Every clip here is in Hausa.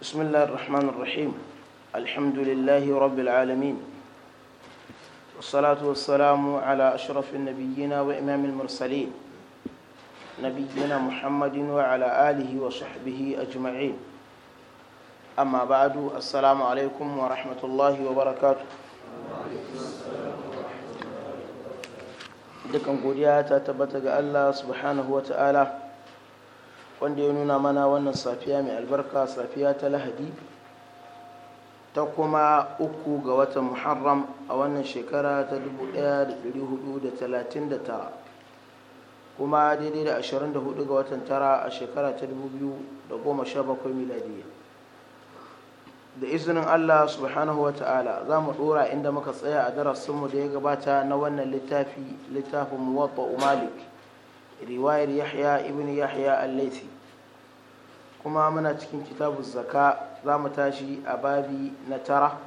بسم الله الرحمن الرحيم الحمد لله رب العالمين والصلاة والسلام على أشرف النبيين وإمام المرسلين نبينا محمد وعلى آله وصحبه أجمعين أما بعد السلام عليكم ورحمة الله وبركاته دكان قرية ta الله سبحانه وتعالى wanda ya nuna mana wannan safiya mai albarka safiya ta lahadi ta kuma uku ga watan muharram a wannan shekara ta 1439 kuma daidai da 24 ga watan tara a shekara ta 2017 miladiyya da izinin Allah subhanahu wa ta'ala za mu ɗora inda muka tsaya a darasinmu da ya gabata na wannan littafi littafin muwatta malik riwayar yahya ibn yahya al-laisi kuma muna cikin kitabu zaka za mu tashi a babi na tara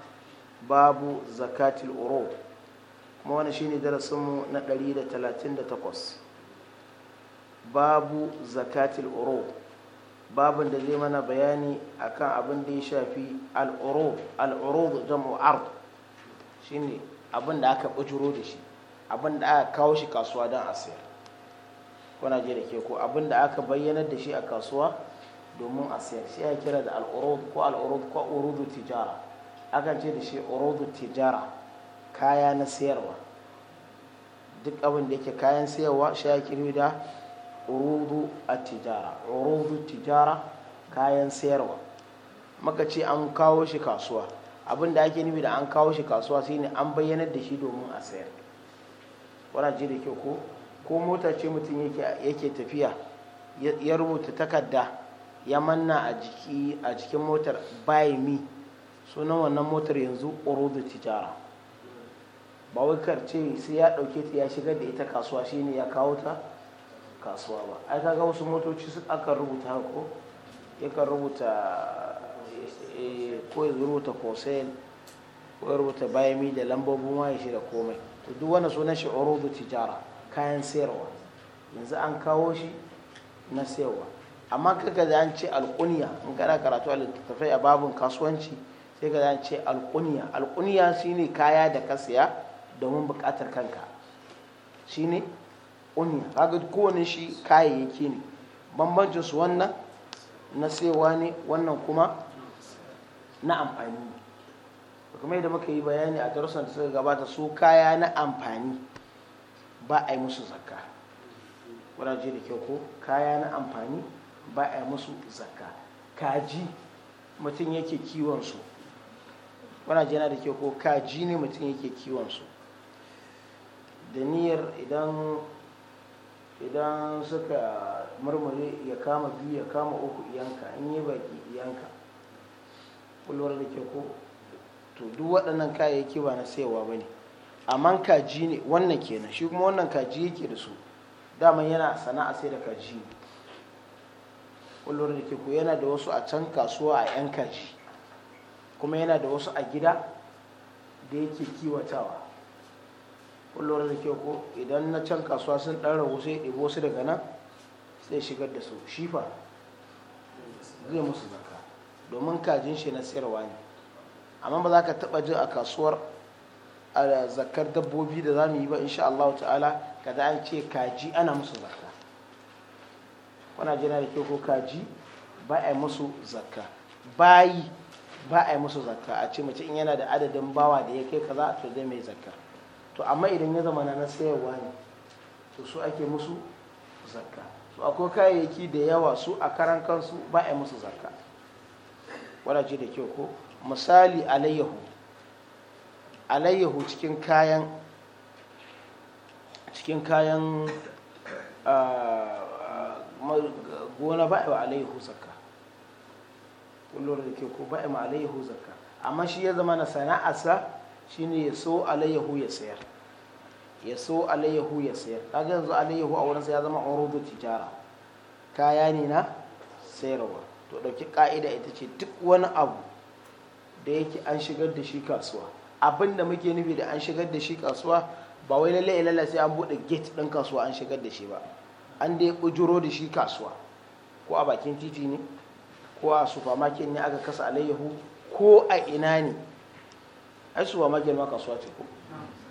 babu zakatil uro kuma wani shine darasinmu na 138 babu zakatil uro babin da zai mana bayani akan abin da ya shafi al'uro al'uro jam'u ard shine abin da aka bujuro da shi abin da aka kawo shi kasuwa don a sayar kuna ji da ke ko abin da aka bayyanar da shi a kasuwa domin a sayar shi ya kira da al'urud ko al'urud ko urudu tijara akan ce da shi urudu tijara kaya na sayarwa duk abin da yake kayan sayarwa shi ya kira da urudu a tijara urudu tijara kayan sayarwa maka ce an kawo shi kasuwa abin da ake nufi da an kawo shi kasuwa shine an bayyanar da shi domin a sayar kuna ji da ke ko ko mota ce mutum yake tafiya ya rubuta takarda ya manna a jikin motar buy me sunan wannan motar yanzu da tijara ba wai karce sai ya dauke ta ya shigar da ita kasuwa shine ya kawo ta kasuwa ba ai kaga wasu motoci su aka rubuta ko yakan rubuta eh, ko ya rubuta ko ya rubuta buy me da lambobin waye shi da komai to duk wani sunan shi da tijara kayan sayarwa yanzu an kawo shi na sayarwa amma kaga da an ce alƙunya in kana karatu a littattafai a babin kasuwanci sai ka an ce alƙunya alƙunya shine kaya da ka siya domin buƙatar kanka shine ƙunya kaga kowane shi kayayyaki ne bambancin su wannan na sayarwa ne wannan kuma na amfani ne kuma yadda muka yi bayani a darussan da suka gabata su kaya na amfani ba a yi musu zakka wuraje da kyau ko kaya na amfani ba a yi musu zakka kaji mutum yake kiwonsu su wuraje yana da kyau ko kaji ne mutum yake kiwon su da niyyar idan idan suka murmure ya kama biyu ya kama uku iyanka in yi baki iyanka ƙulwar da ke ko to duk waɗannan kayayyaki ba na sayawa ba ne amma kaji ne wannan kenan shi kuma wannan kaji yake da su daman yana sana'a sai da kaji ne kullum da ke ku yana da wasu a can kasuwa a 'yan kaji kuma yana da wasu a gida da yake kiwatawa kullum da ke ku idan na can kasuwa sun dan ragu sai ɗibo su daga nan sai shigar da su shifa zai musu zaka domin kajin shi na sayarwa ne amma ba za ka taɓa jin a kasuwar a zakar dabbobi da za mu yi ba insha Allah ta'ala kada an ce kaji ana musu zakka wana jina da ke ko kaji ba a yi musu zakka bayi ba a yi musu zakka a ce mace in yana da adadin bawa da ya kai kaza to zai mai zakka to amma idan ya zama na sayarwa ne to su ake musu zakka to akwai kayayyaki da yawa su a karan kansu ba a yi musu zakka wana da kyau ko misali alayyahu alayyahu cikin kayan cikin kayan ah, ah, gona ba a alayyahu zakka kullum da ke ko ba a alayyahu zakka amma shi ya zama na sana'arsa shine ya so alayyahu ya sayar ya so alayyahu ya sayar kaga yanzu alayyahu a wurinsa ya zama urudu tijara kaya ne na sayarwa to dauki ka'ida ita ce duk wani abu da yake an shigar da shi kasuwa abin da muke nufi da an shigar da shi kasuwa ba wai lalle ilalla sai an buɗe gate ɗin kasuwa an shigar da shi ba an dai ujuro da shi kasuwa ko a bakin titi ne ko a supermarket ne aka kasa alayyahu ko a ina ne ai supermarket ma kasuwa ce ko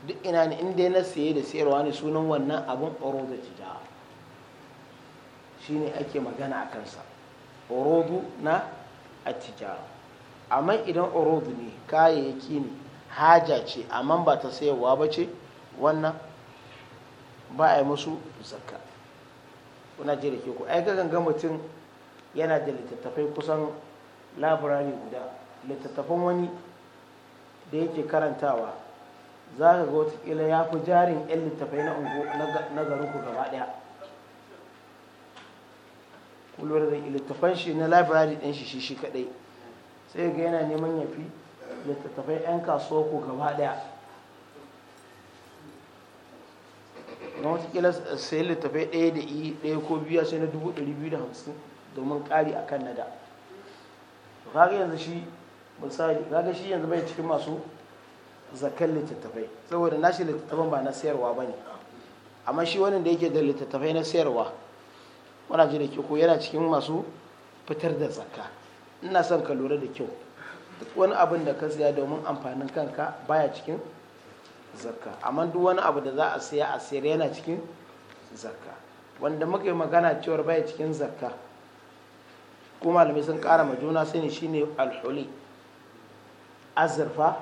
duk ina ne in dai na saye da sayarwa ne sunan wannan abin orodo tijara shine ake magana a kansa Orodu na atijara amma idan orodo ne kayayyaki ne haja ce amma ba ta sayarwa ba ce wannan ba a yi musu zakka kuna ji da ke ku ai ganga mutum yana da littattafai kusan labirari guda littattafan wani da yake karantawa za ka ga watakila ya fi jarin 'yan littattafai na ku gaba daya kulwar da littattafan shi na labirari ɗin shi shi kadai sai ga yana neman ya fi littattafai 'yan kasuwa ko gaba daya na watakila sai littattafai ɗaya da i ɗaya ko biya sai na 250 domin ƙari a kan nada kaga yanzu shi misali kaga shi yanzu bai cikin masu zakar littattafai saboda na shi littattafan ba na sayarwa ba ne amma shi wani da yake da littattafai na sayarwa wana ji da ke ko yana cikin masu fitar da zakka ina son ka lura da kyau duk wani abin da ka siya domin amfanin kanka baya cikin zakka amma duk wani abu da za a siya a siyar yana cikin zakka wanda muka yi magana cewar baya cikin zakka ko malamai sun kara ma juna sani shine alhuli azurfa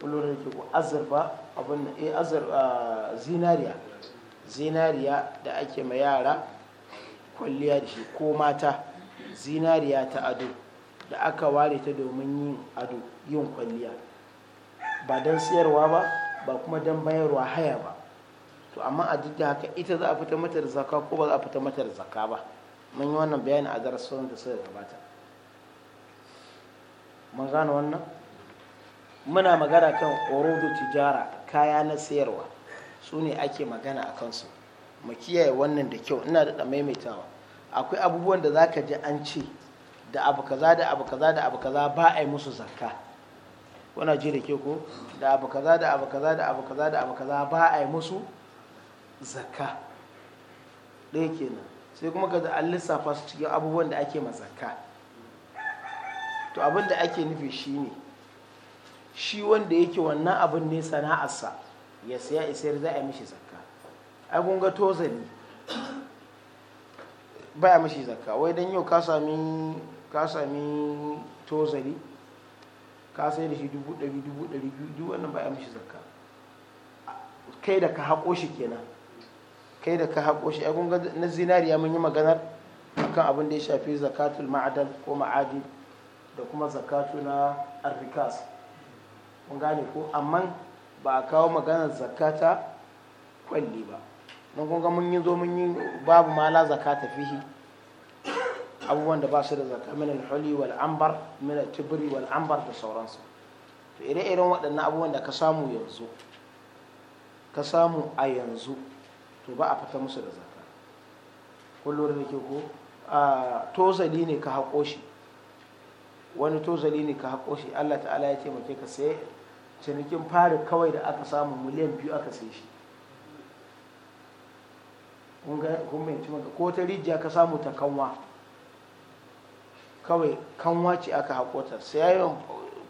kullum da ko azurfa abin eh azurfa ah, zinariya zinariya da ake ma yara kwalliya da shi ko mata zinariya ta ado da aka ware ta domin yin ado yin kwalliya ba don siyarwa ba ba kuma don bayarwa haya ba to amma a duk da haka ita za a fita mata da zaka ko ba za a fita mata da zaka ba mun yi wannan bayani a darasin da suka gabata mun gane wannan muna magana kan orodo tijara kaya na sayarwa su ne ake magana a kansu mu kiyaye wannan da kyau ina da maimaitawa akwai abubuwan da za ka ji an ce da abu kaza da abu kaza da abu kaza ba a yi musu zakka wana ji da ke ko da abu kaza da abu kaza da abu kaza da abu kaza ba a yi musu zakka ɗaya kenan sai kuma ka an lissafa su cikin abubuwan da ake ma to abin da ake nufi ne, shi wanda yake wannan abin ne sana'arsa ya saya isayar za a yi mishi zakka ai kun ga tozali a mishi zakka wai don yau ka sami ka sami tozali ka sai da shi dubu ɗari dubu ɗari biyu wannan ba ya mishi zakka kai da ka haƙo shi kenan kai da ka haƙo shi ai na zinariya mun yi maganar akan abin da ya shafi zakatul ma'adal ko ma'adi da kuma zakatu na arrikas mun gane ko amma ba a kawo maganar zakata kwalli ba don kun mun yi zo mun yi babu mala zakata fihi abubuwan da ba su da zakka minal huli wal ambar minal tibri wal ambar da sauransu to ire-iren waɗannan abubuwan da ka samu yanzu ka samu a yanzu to ba a fita musu da zakka kullum da ke ko a tozali ne ka haƙo shi wani tozali ne ka haƙo shi Allah ta'ala ya taimake ka sai cinikin fari kawai da aka samu miliyan biyu aka sai shi kun bayanci maka ko ta rijiya ka samu ta kanwa kawai kanwa ce aka sai ya yi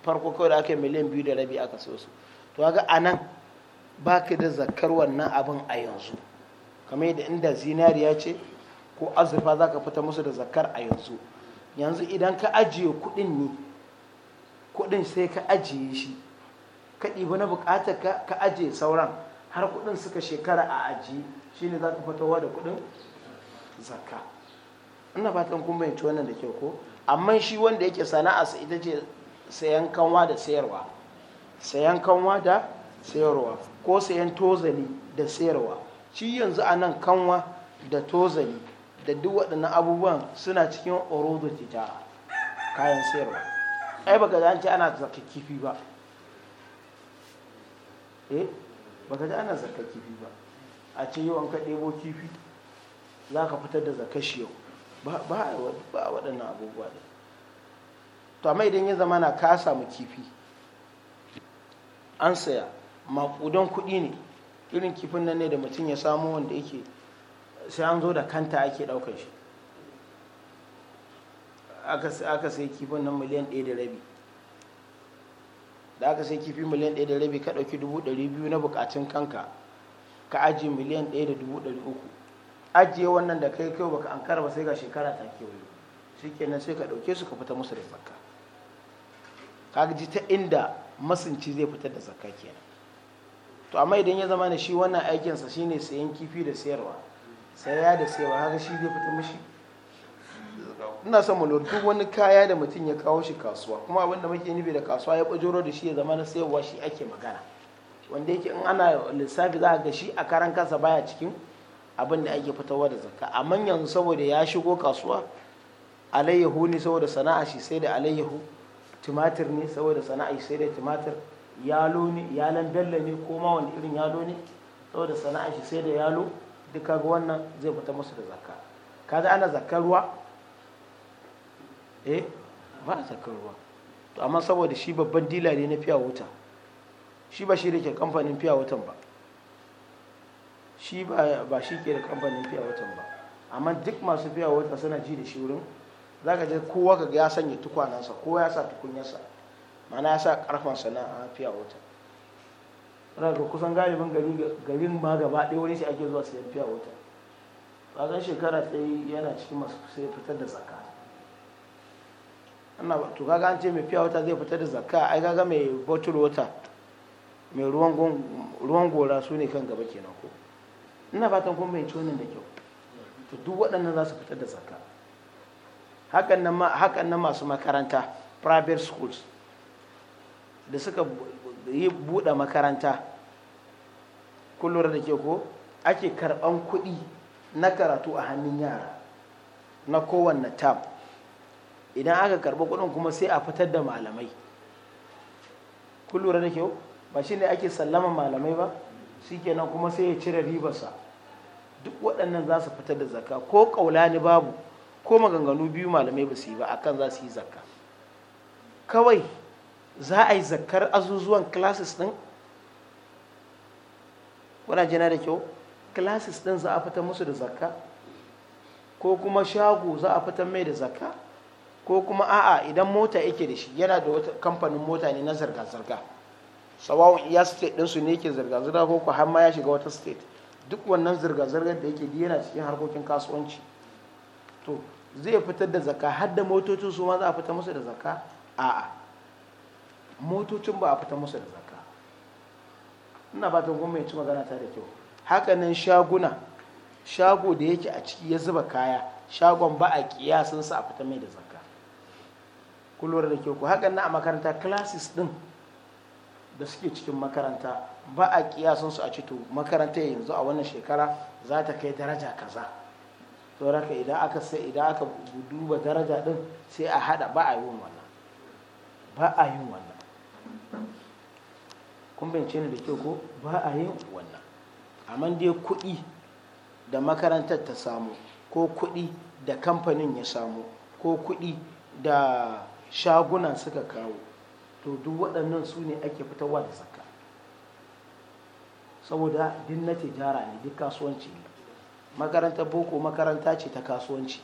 farko kawai da aka yi miliyan biyu da rabi aka so su to ga a nan ba ka da zakar wannan abin a yanzu kamar yadda inda zinariya ce ko azurfa za ka fita musu da zakar a yanzu yanzu idan ka ajiye kuɗin ne kuɗin sai ka ajiye shi ka ɗibi na buƙatar ka ka ajiye sauran har kuɗin suka shekara a ajiye shine za ka fitowa da kuɗin zakka ina fatan kun bayyance wannan da kyau ko amma shi wanda yake sana'arsa ita ce sayan kanwa da sayarwa sayan kanwa da sayarwa ko sayan tozali da sayarwa shi yanzu a nan kanwa da tozali da duk waɗannan abubuwan suna cikin orodo tijara kayan sayarwa ai baka ji an ce ana zarka kifi ba eh baka ji ana zarka kifi ba a ce yau an ɗebo kifi za ka fitar da zakashi yau ba waɗannan abubuwa ɗin to amma idan ya zama na ka samu kifi an saya maƙudan kuɗi ne irin kifin nan ne da mutum ya samu wanda yake sai an zo da kanta ake ɗaukar shi aka sai kifin nan miliyan ɗaya da rabi da aka sai kifi miliyan ɗaya da rabi ka ɗauki dubu ɗari biyu na buƙatun kanka ka aji miliyan ɗaya da dubu ɗari uku ajiye wannan da kai kai baka ankara ba sai ga shekara ta kewaye shikenan sai ka dauke su ka fita musu da zakka kaga ji ta inda masunci zai fitar da zakka kenan to amma idan ya zama ne shi wannan aikin sa shine sayan kifi da sayarwa saya da sayarwa haka shi zai fita mishi ina son mu duk wani kaya da mutum ya kawo shi kasuwa kuma abin da muke nufi da kasuwa ya bajoro da shi ya zama na sayarwa shi ake magana wanda yake in ana lissafi za a ga shi a karan kansa baya cikin abin da ake fitowa da zakka amma yanzu saboda ya shigo kasuwa alayyahu ne saboda sana'a shi sai da alayyahu tumatir ne saboda sana'a shi sai da tumatir yalo ne yalan bello ne ko ma wani irin yalo ne saboda sana'a shi sai da yalo duka ga wannan zai fita musu da zakka kaza ana zakkar ruwa eh ba a zakkar ruwa to amma saboda shi babban dila ne na fiya wuta shi ba shi da ke kamfanin fiya wutan ba shi ba shi ke da kamfanin fiya watan ba amma duk masu fiya wata suna ji da shi wurin za ka je kowa ka ga ya sanya tukwanansa ko ya sa tukunyarsa mana ya sa karfansa na a fiya wata ga kusan galibin garin ma gaba ɗaya wani sai ake zuwa sayan fiya wata bayan shekara tsaye yana cikin masu sai fitar da zakka ana to kaga an ce mai fiya wata zai fitar da zakka ai kaga mai bottle water mai ruwan gora su ne kan gaba kenan ko ina ba fatan kuma mai wannan da kyau to duk waɗannan za su fitar da zakka hakan nan masu makaranta private schools da suka yi buɗe makaranta kullum da ke ko ake karɓan kuɗi na karatu a hannun yara na kowanne tab idan aka karɓi kuɗin kuma sai a fitar da malamai kullum da kyau ba shi ne ake sallama malamai ba shi kenan kuma sai ya cire ribarsa duk waɗannan za su fitar da zakka ko ƙaulani babu ko maganganu biyu malamai ba su yi ba a kan za su yi zakka kawai za a yi zakkar azuzuwan classes ɗin kuna jina da kyau classes ɗin za a fitar musu da zakka ko kuma shago za a fitar mai da zakka ko kuma a'a idan mota yake da shi yana da wata kamfanin mota ne na zirga-zirga sawawun iya state ɗinsu ne ke zirga-zirga ko ku har ma ya shiga wata state duk wannan zirga-zirgar da yake yana cikin harkokin kasuwanci to zai fitar da zaka har da motocin su ma za a fita musu da zaka a'a motocin ba a fita musu da zaka ina ba ta ci magana ta da kyau hakanan shaguna shago da yake a ciki ya zuba kaya shagon ba a sun sa a fita mai da zaka Kulwar da kyau ku hakan na a makaranta classes din da suke cikin makaranta ba a kiyasan su a cito makaranta yanzu a wannan shekara za ta kai daraja kaza to raka idan aka sai idan aka duba daraja din sai a hada ba a yi wannan ba a yi wannan kun bance ni da kyau ko ba a yin wannan amma dai kuɗi da makarantar ta samu ko kuɗi da kamfanin ya samu ko kuɗi da shagunan suka kawo to duk waɗannan su ne ake fitarwa da zakka saboda duk na tijara ne duk kasuwanci ne makarantar boko makaranta ce ta kasuwanci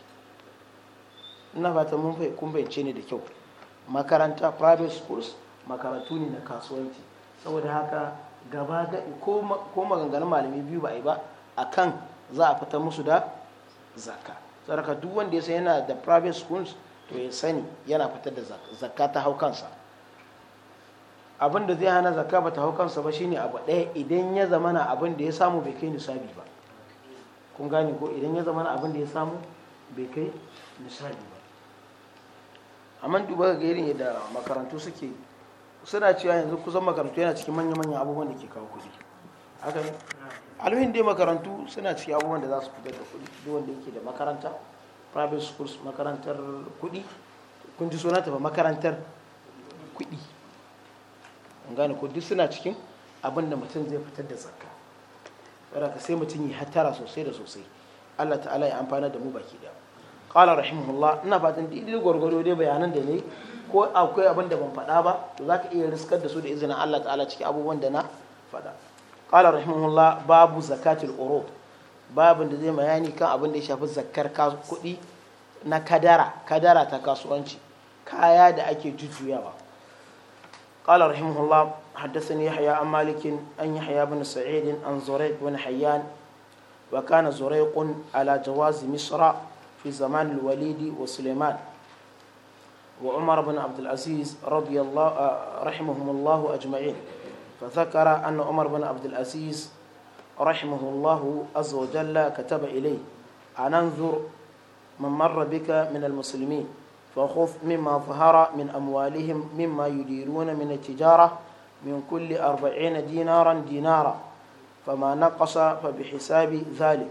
ina fata mun kumbayance ne da kyau makaranta private schools makarantu ne na kasuwanci saboda haka gaba ko maganganun malami biyu ba a yi ba a kan za a fita musu da zakka saboda duk wanda ya san yana da private schools to ya sani yana fitar da zakka ta haukansa. abin da zai hana zakka ba ta hau kansa ba shine abu ɗaya idan ya na abin da ya samu bai kai nisabi ba kun gane ko idan ya na abin da ya samu bai kai nisabi ba amma duba ga irin yadda makarantu suke suna cewa yanzu kusan makarantu yana cikin manya-manyan abubuwan da ke kawo kuɗi haka ne alhin dai makarantu suna cikin abubuwan da za su fitar da kuɗi duk wanda yake da makaranta private schools makarantar kuɗi kun ji suna ba makarantar kuɗi gane ko duk suna cikin abin da mutum zai fitar da zakka ka sai mutum yi hattara sosai da sosai Allah ta'ala ya amfana da mu baki da qala rahimahullah ina fatan didi gwargwado dai bayanan da ne ko akwai abin da ban faɗa ba to zaka iya riskar da su da izinin Allah ta'ala cikin abubuwan da na faɗa qala rahimahullah babu zakatul urud babin da zai bayani kan abin da ya shafi zakkar kuɗi na kadara kadara ta kasuwanci kaya da ake jujjuyawa قال رحمه الله حدثني يحيى عن مالك أن يحيى بن سعيد عن زريق بن حيان وكان زريق على جواز مصر في زمان الوليد وسليمان وعمر بن عبد العزيز رضي الله آه، رحمهم الله أجمعين فذكر أن عمر بن عبد العزيز رحمه الله عز وجل كتب إليه أن انظر من مر بك من المسلمين فخف مما ظهر من أموالهم مما يديرون من التجارة من كل أربعين دينارا دينارا فما نقص فبحساب ذلك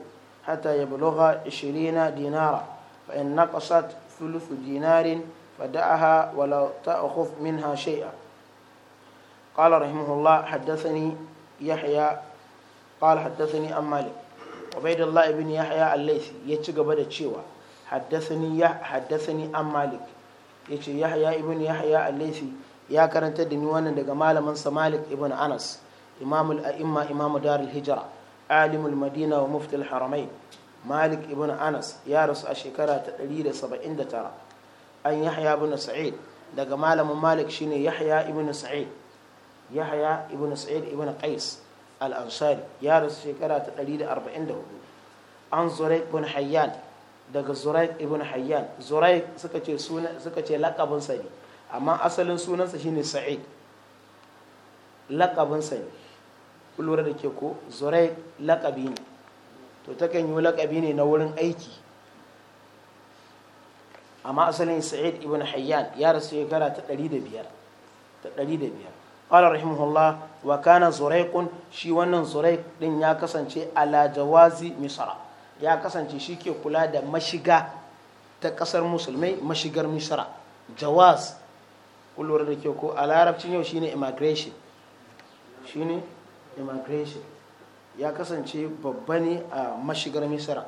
حتى يبلغ عشرين دينارا فإن نقصت ثلث دينار فدعها ولا تأخذ منها شيئا قال رحمه الله حدثني يحيى قال حدثني أم مالك عبيد الله بن يحيى الليثي يتشق بدا تشيوه haddasani ya haddasani an malik yace yahya ibn yahya al-laythi ya karanta da ni wannan daga malamansa malik ibn anas imamul a'imma imamu darul hijra alimul madina wa muftil haramai malik ibn anas ya rasu a shekara ta 179 an yahya ibn sa'id daga malamin malik shine yahya ibn sa'id yahya ibn sa'id ibn qais al-ansari ya rasu shekara ta 144 an zurayk ibn hayyan daga zuraik ibn hayyan zuraik suka ce suka ce sa ne amma asalin sunansa shine sa'id sa ne lura da ke ko zuraik laqabi ne to takan yi laqabi ne na wurin aiki amma asalin sa'id ibn hayyan ya rasu shekara ta 105 ta 105 qala rahimahullah wa kana زريق shi wannan زريق din ya kasance ala jawazi misra ya kasance shi ke kula da mashiga ta kasar musulmai mashigar misra jawas kullum da ke ko a larabcin yau shine immigration shine immigration ya kasance babba ne a mashigar misra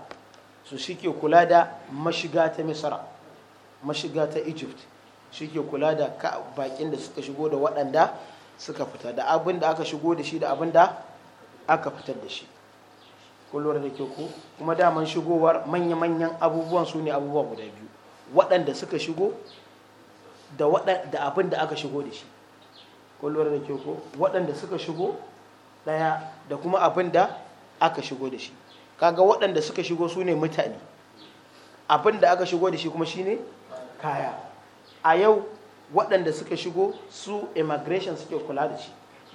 su shi ke kula da mashiga ta misra mashiga ta egypt shi ke kula da bakin da suka shigo da waɗanda suka fita da abin da aka shigo da shi da abin da aka fitar da shi kullum da ke ku kuma daman shigowar manya-manyan abubuwan su ne abubuwa guda biyu waɗanda suka shigo da abin da aka shigo da shi kullum da ke ku waɗanda suka shigo ɗaya da kuma abin da aka shigo da shi kaga waɗanda suka shigo su ne mutane abin da aka shigo da shi kuma shine kaya a yau waɗanda suka shigo su immigration suke kula da shi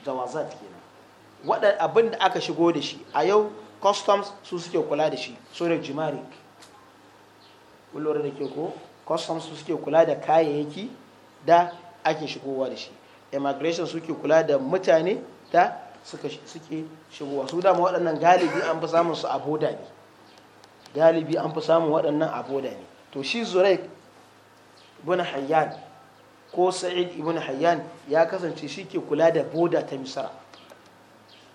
jawazat kenan abin da aka shigo da shi a yau customs su suke kula da shi da jimari kullum da ke ko customs su suke kula da kayayyaki da ake shigowa da shi immigration suke kula da mutane da suke shigowa su dama waɗannan galibi an fi samun su a ne galibi an fi samun waɗannan a ne to shi zuraik ibn hayyan ko sa'id ibn hayyan ya kasance shi ke kula da boda ta misara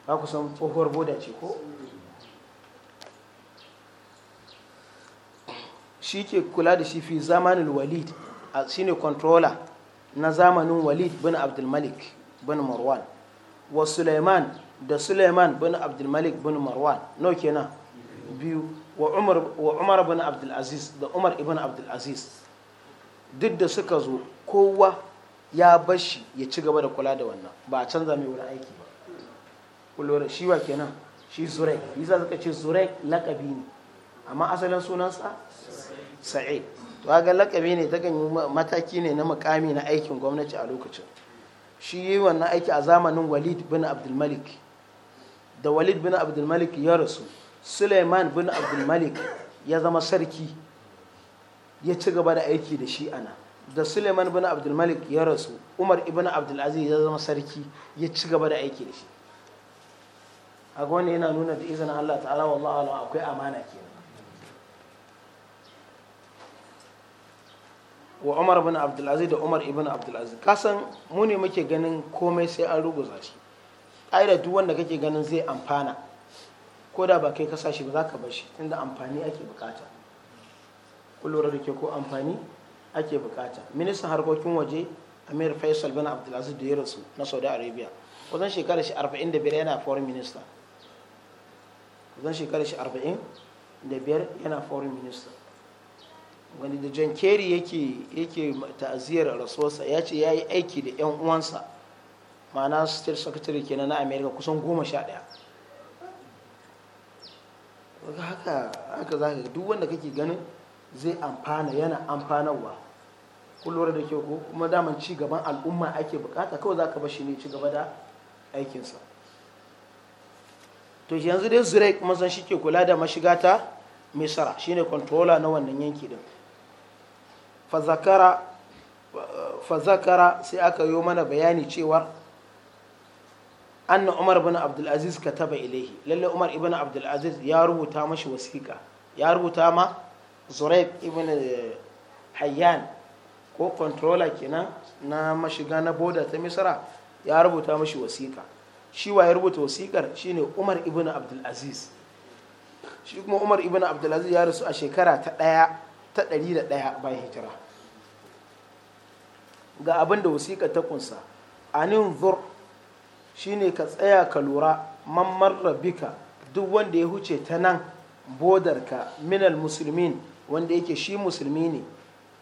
ba ku san tsohuwar boda ce ko shi ke kula da shi fi zamanin walid a shine kontrola na zamanin walid bin abdulmalik bin marwan wa suleiman da suleiman bin abdulmalik bin marwan nau kenan biyu wa umar bin abdulaziz da umar ibn abdulaziz duk da suka zo kowa ya bashi ya ci gaba da kula da wannan ba a canza mai wani aiki ba kulura shi wa kenan shi zurek yi za suka ce zurek lakabi ne amma asalin sunansa sa'id to ga lakabi ne ta yi mataki ne na makami na aikin gwamnati a lokacin shi yi wannan aiki a zamanin walid bin abdulmalik da walid bin abdulmalik ya rasu suleiman bin abdulmalik ya zama sarki ya ci gaba da aiki da shi ana da suleiman bin abdulmalik ya rasu umar ibn abdulaziz ya zama sarki ya ci gaba da aiki da shi a wanda yana nuna da izinin allah ta'ala wallahu akwai amana kenan wa umar ibn abdulaziz da umar ibn abdulaziz kasan mu ne muke ganin komai sai an ruguza shi ƙa'ida duk wanda kake ganin zai amfana ko da ba kai ka sashi ba za ka bar shi tunda amfani ake bukata kullum da ke ko amfani ake bukata ministan harkokin waje amir faisal bin abdulaziz da ya rasu na saudi arabia wajen shekarar shi 45 yana foreign minister wajen shekarar shi 45 yana foreign minister wani da john kerry yake yake ta'aziyar rasuwarsa ya ce ya yi aiki da 'yan uwansa ma'ana state secretary kenan na america kusan goma sha daya haka haka za ka duk wanda kake ganin zai amfana yana amfanarwa kun da ke ko kuma daman ci gaban al'umma ake bukata kawai za ka bar shi ne ci gaba da aikinsa to yanzu dai zurek kuma shi ke kula da mashiga ta shi shine controller na wannan yanki din fazakara sai aka yi mana bayani cewar anna umar ibn abdulaziz ka taba ilaihi lalle umar ibn abdulaziz ya rubuta mashi wasiƙa ya rubuta ma zuraib ibn hayyan ko controller kenan na mashiga na boda ta misra ya rubuta mashi wasiƙa shi wa ya rubuta wasiƙar shine umar ibn abdulaziz shi kuma umar ibn abdulaziz ya rasu a shekara ta ɗaya ta ɗari da ɗaya bayan hijira ga abin da wasiƙa ta kunsa anin zur shine ka tsaya ka lura mammar rabika duk wanda ya huce ta nan bodarka minal musulmin wanda yake shi musulmi ne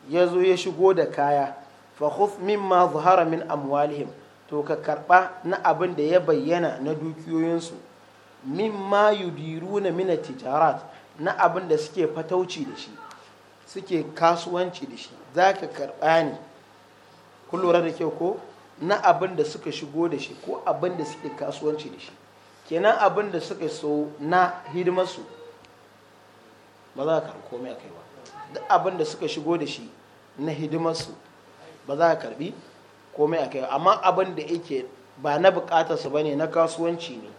ya zo ya shigo da kaya fa min ma zuhara min amwalihim to ka karba na abin da ya bayyana na dukiyoyinsu min ma mimma na min tijarat na abin da suke fatauci da shi suke kasuwanci da shi za ka karba ne kun lura da kyau ko na abin da suka shigo da shi ko abin da suke kasuwanci da shi kenan abin da suka so na hidimarsu ba za ka karbi komai a kai ba duk abin da suka shigo da shi na hidimarsu ba za ka karbi komai a kai amma abin da yake ba na bukatarsa ba ne na kasuwanci ne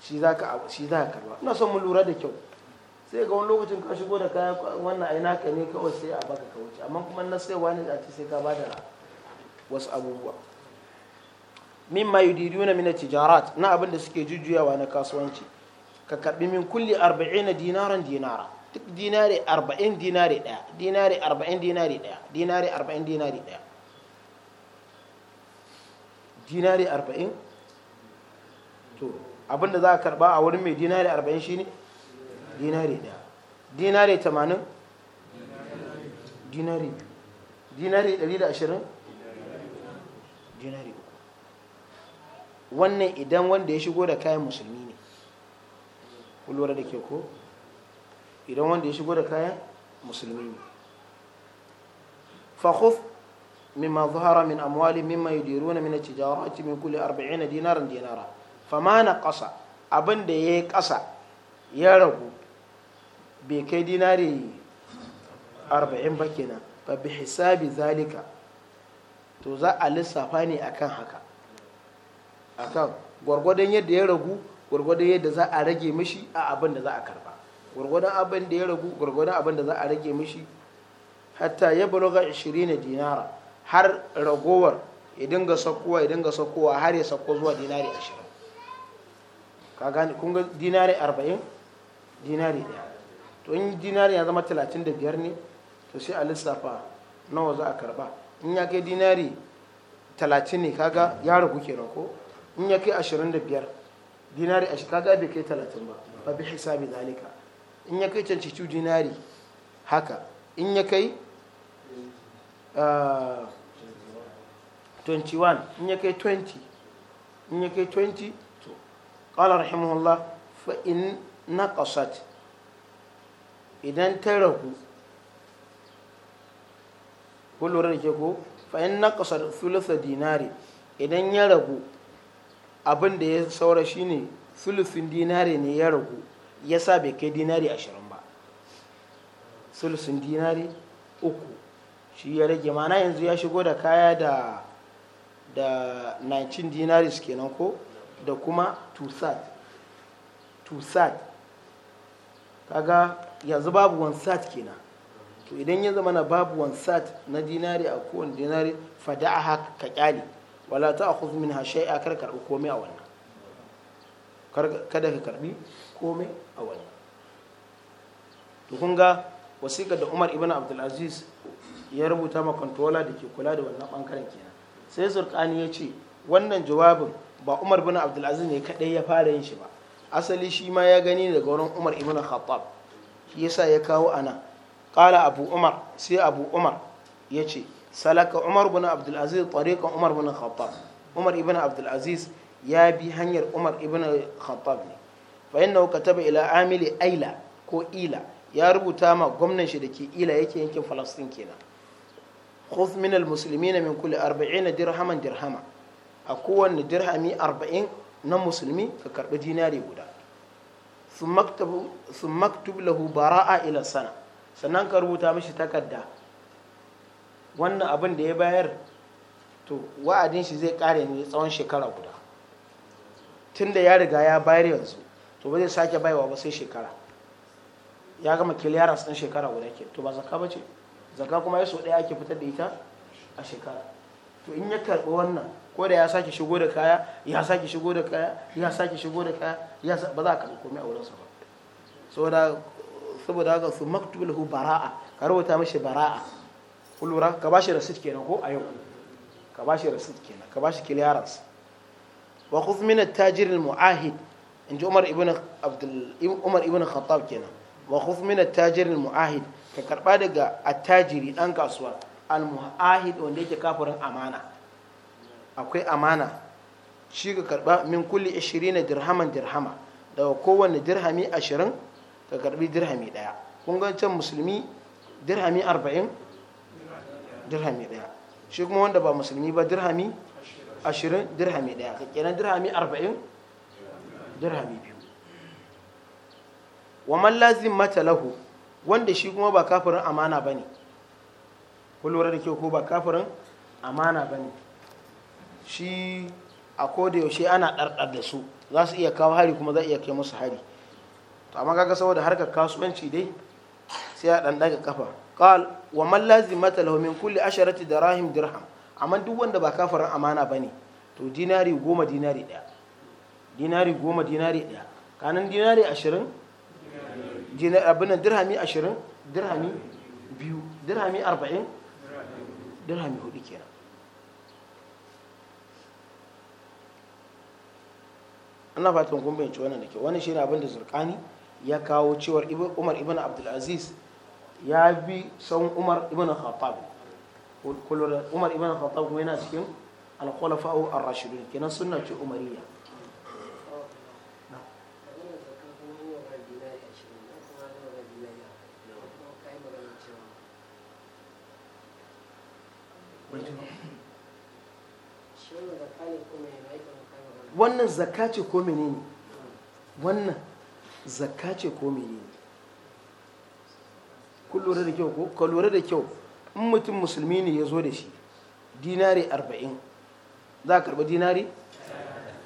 shi za ka karba ina son mu lura da kyau sai ga wani lokacin ka shigo da kaya wannan aina ka ne kawai sai a baka ka wuce amma kuma na saiwa ne a ce sai ka ba da wasu abubuwa min mimma yudiruna min tijarat na abin da suke jujjuyawa na kasuwanci ka karbi min kulli 40 dinaran dinara duk dinare 40 dinare daya dinare 40 dinare daya dinare 40 dinare daya dinare 40 to abin da za ka karba a wurin mai dinare 40 shine dinare daya dinare 80 dinare dinare 120 dinari uku wannan idan wanda ya shigo da kayan musulmi ne kulwar da ke ko idan wanda ya shigo da kayan musulmi ne mimma zuhara min amwali mimma yudiruna min tijarati min kulli 40 dinaran dinara fama na ƙasa abin da ya yi ƙasa ya ragu bai kai dinari 40 ba kenan bi hisabi zalika to za a lissafa ne akan haka akan gwargwadon yadda ya ragu gwargwadon yadda za a rage mishi a abin da za a karba gwargwadon abin da ya ragu gwargwadon abin da za a rage mishi hatta ya balaga 20 dinara har ragowar ya dinga sakowa ya dinga sakowa har ya sako zuwa dinari 20 ka gane kun ga dinari 40 dinari ɗaya to in dinari ya zama 35 ne to sai a lissafa nawa za a karba in ya kai dinari 30 ne kaga ya ragu ke ko in ya kai 25 dinari a kaga bai kai 30 ba ba bi hisabi zalika in ya kai cancicu dinari haka in ya kai 21 ah, in ya kai 20 in ya kai 20 to ƙala rahimahullah fa in naqasat idan ta ragu kun lura da ke ko fa'in na naqasa sulusa dinari idan ya ragu abin da ya saura shine thuluthin dinari ne ya ragu yasa bai kai dinari ashirin ba thuluthin dinari uku shi ya rage mana yanzu ya shigo da kaya da da 19 su kenan ko da kuma tusat tusat kaga yanzu babu sat kenan to idan ya zama na babu wansat na dinari a kowane dinari a haka ka kyale wala ta akhudh hashe a kar karbi komai a wannan kada ka karbi komai a wannan to kun ga wasiƙa da Umar ibn Abdul ya rubuta ma kontrola da ke kula da wannan bangaren kenan sai surk'ani ya ce wannan jawabin ba Umar ibn Abdul ne kadai ya fara yin shi ba asali shi ma ya gani daga wurin Umar ibn Khattab shi yasa ya kawo ana qala abu umar sai abu umar ce salaka umar bin abdul tariqan umar bin khattab umar ibn abdul ya bi hanyar umar ibn khattab ne fa innahu kataba ila amili aila ko ila ya rubuta ma gwamnan shi da ke ila yake yankin falastin kenan khudh min al muslimina min kulli 40 dirhaman dirhama a kowanne dirhami 40 na musulmi ka karbi dinari guda sun maktub lahu bara'a ila sana sannan ka rubuta mishi takarda wannan abin da ya bayar to wa'adin shi zai kare ne tsawon shekara guda tun da ya riga ya bayar yanzu to ba zai sake baiwa ba sai shekara ya gama kiliyaransu ɗin shekara guda ke to ba zaka ba ce zaka kuma ya so ɗaya ake fitar da ita a shekara to in ya karɓi wannan ko da ya sake shigo da kaya ya sake shigo da kaya ya sake shigo da kaya ba za a karɓi komai a wurinsa ba saboda saboda haka su lahu bara'a ka rubuta mashi bara'a kullura ka bashi rasit kenan ko a yau ka bashi rasit kenan ka bashi clearance wa khudh min at-tajir al-mu'ahid ji Umar ibn Abdul Umar ibn Khattab kenan wa khudh min at-tajir al-mu'ahid ka karba daga tajiri dan kasuwa al-mu'ahid wanda yake kafirin amana akwai amana shi ka karba min kulli 20 dirhaman dirhama daga kowanne dirhami 20 ka karbi dirhami daya kun ga can musulmi dirhami arba'in dirhami daya shi kuma wanda ba musulmi ba dirhami ashirin dirhami daya Ka kenan dirhami arba'in dirhami biyu wa man lazim mata lahu wanda shi kuma ba kafirin amana ba ne ku lura da ke ko ba kafirin amana ba ne shi a koda yaushe ana ɗarɗar da su za su iya kawo hari kuma za iya kai musu hari to amma kaga saboda harkar kasuwanci dai sai a dan daga kafa qal wa man lazimata lahu min kulli asharati darahim dirham amma duk wanda ba kafarin amana bane to dinari goma dinari daya dinari goma dinari daya kanan dinari ashirin abin dirhami ashirin dirhami biyu dirhami arba'in dirhami hudu kenan ana fatan kun bayanci wannan da ke wani shi ne abin da zurkani ya kawo cewar umar ibn abdulaziz ya bi son umar ibn khattab umar ibn khattab kuma yana cikin al-khulafa'u ar-rashidun kenan sunna ce umariya wannan zakka ce ko menene wannan zakka ce ko menene kun lura da kyau ko ka lura da kyau in mutum musulmi ne ya zo da shi dinari arba'in za a karba dinari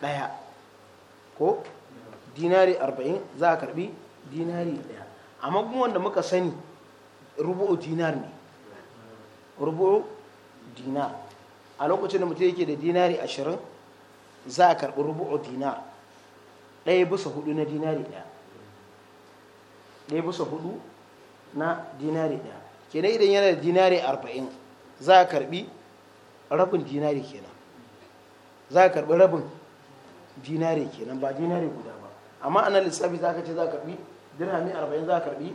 ɗaya ko dinari arba'in za a karbi dinari ɗaya amma kuma wanda muka sani rubu'u dinar ne rubu'u dinar a lokacin da mutum yake da dinari ashirin za a karbi rubu'u dinar ɗaya bisa hudu na dinari ɗaya ɗaya bisa hudu na dinari ɗaya kenan idan yana da dinari arba'in za a karbi rabin dinari kenan za a karbi rabin dinari kenan ba dinari guda ba amma ana lissafi za ka ce za a karbi dirhami arba'in za a karbi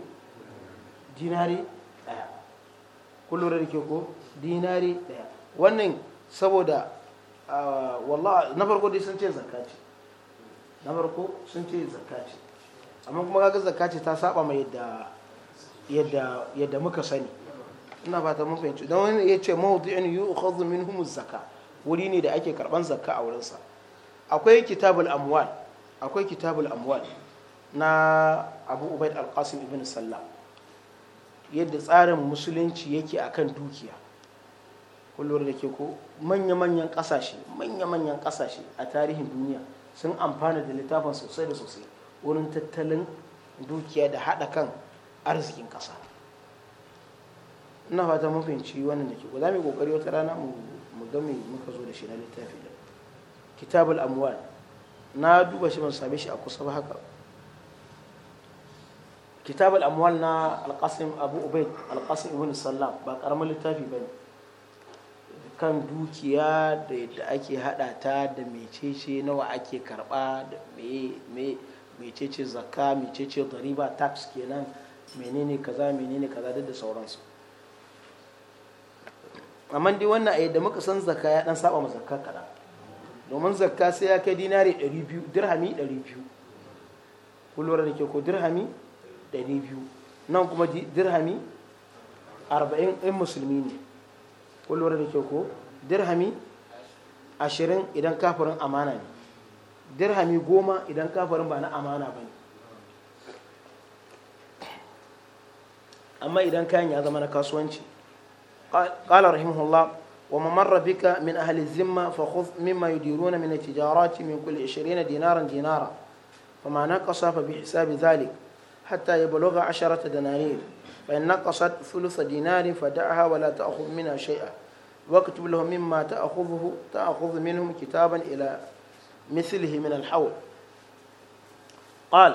dinari ɗaya kullum da ke ko dinari ɗaya wannan saboda ah, wallah na farko dai sun ce zakka na farko sun ce zakka amma kuma kaga zakka ce ta saba mai yadda muka sani ina fata mun fahimci don wani ya yace mawdu'un yu'khadhu minhum zakka wuri ne da ake karban zaka a wurinsa akwai kitabul amwal akwai kitabul amwal na Abu Ubaid al-Qasim ibn Sallam yadda tsarin musulunci yake akan dukiya kullum da ke ko kasashe manya-manyan kasashe a tarihin duniya sun amfana da littafin sosai da sosai wurin tattalin dukiya da haɗa kan arzikin ƙasa ina fata mun fahimci wannan da ke ku za mu wata rana mu ga muka zo da shi na littafi da kitabul amwal na duba shi ban same shi a kusa ba haka kitabul amwal na alƙasim abu ubaid alƙasim ibn sallam ba ƙaramin littafi ba ne kan dukiya da yadda ake haɗa ta da mecece nawa ake karɓa da me mecece zakka mecece dariba tax kenan menene kaza menene kaza da sauransu amma dai wannan a yadda muka san zakka ya dan saba ma zakka kaɗan domin zakka sai ya kai dinari 200 dirhami 200 kullum da ke ko dirhami 200 nan kuma dirhami 40 in musulmi ne kullum da ke ko dirhami 20 idan kafirin amana ne dirhami goma idan kafarin ba na amana ba ne amma idan kayan ya zama na kasuwanci ƙalar rahimahullah wa mamarra bika min ahali zimma fa khudh mimma yudiruna min tijarati min kulli 20 dinaran dinara fa ma naqasa fa bi hisabi zalik hatta yablugha 10 dinarin fa in naqasat thuluth dinarin fa da'aha wa la ta'khudh minha shay'a wa aktub lahum mimma ta'khudhuhu ta'khudh minhum kitaban ila مثله من الحول قال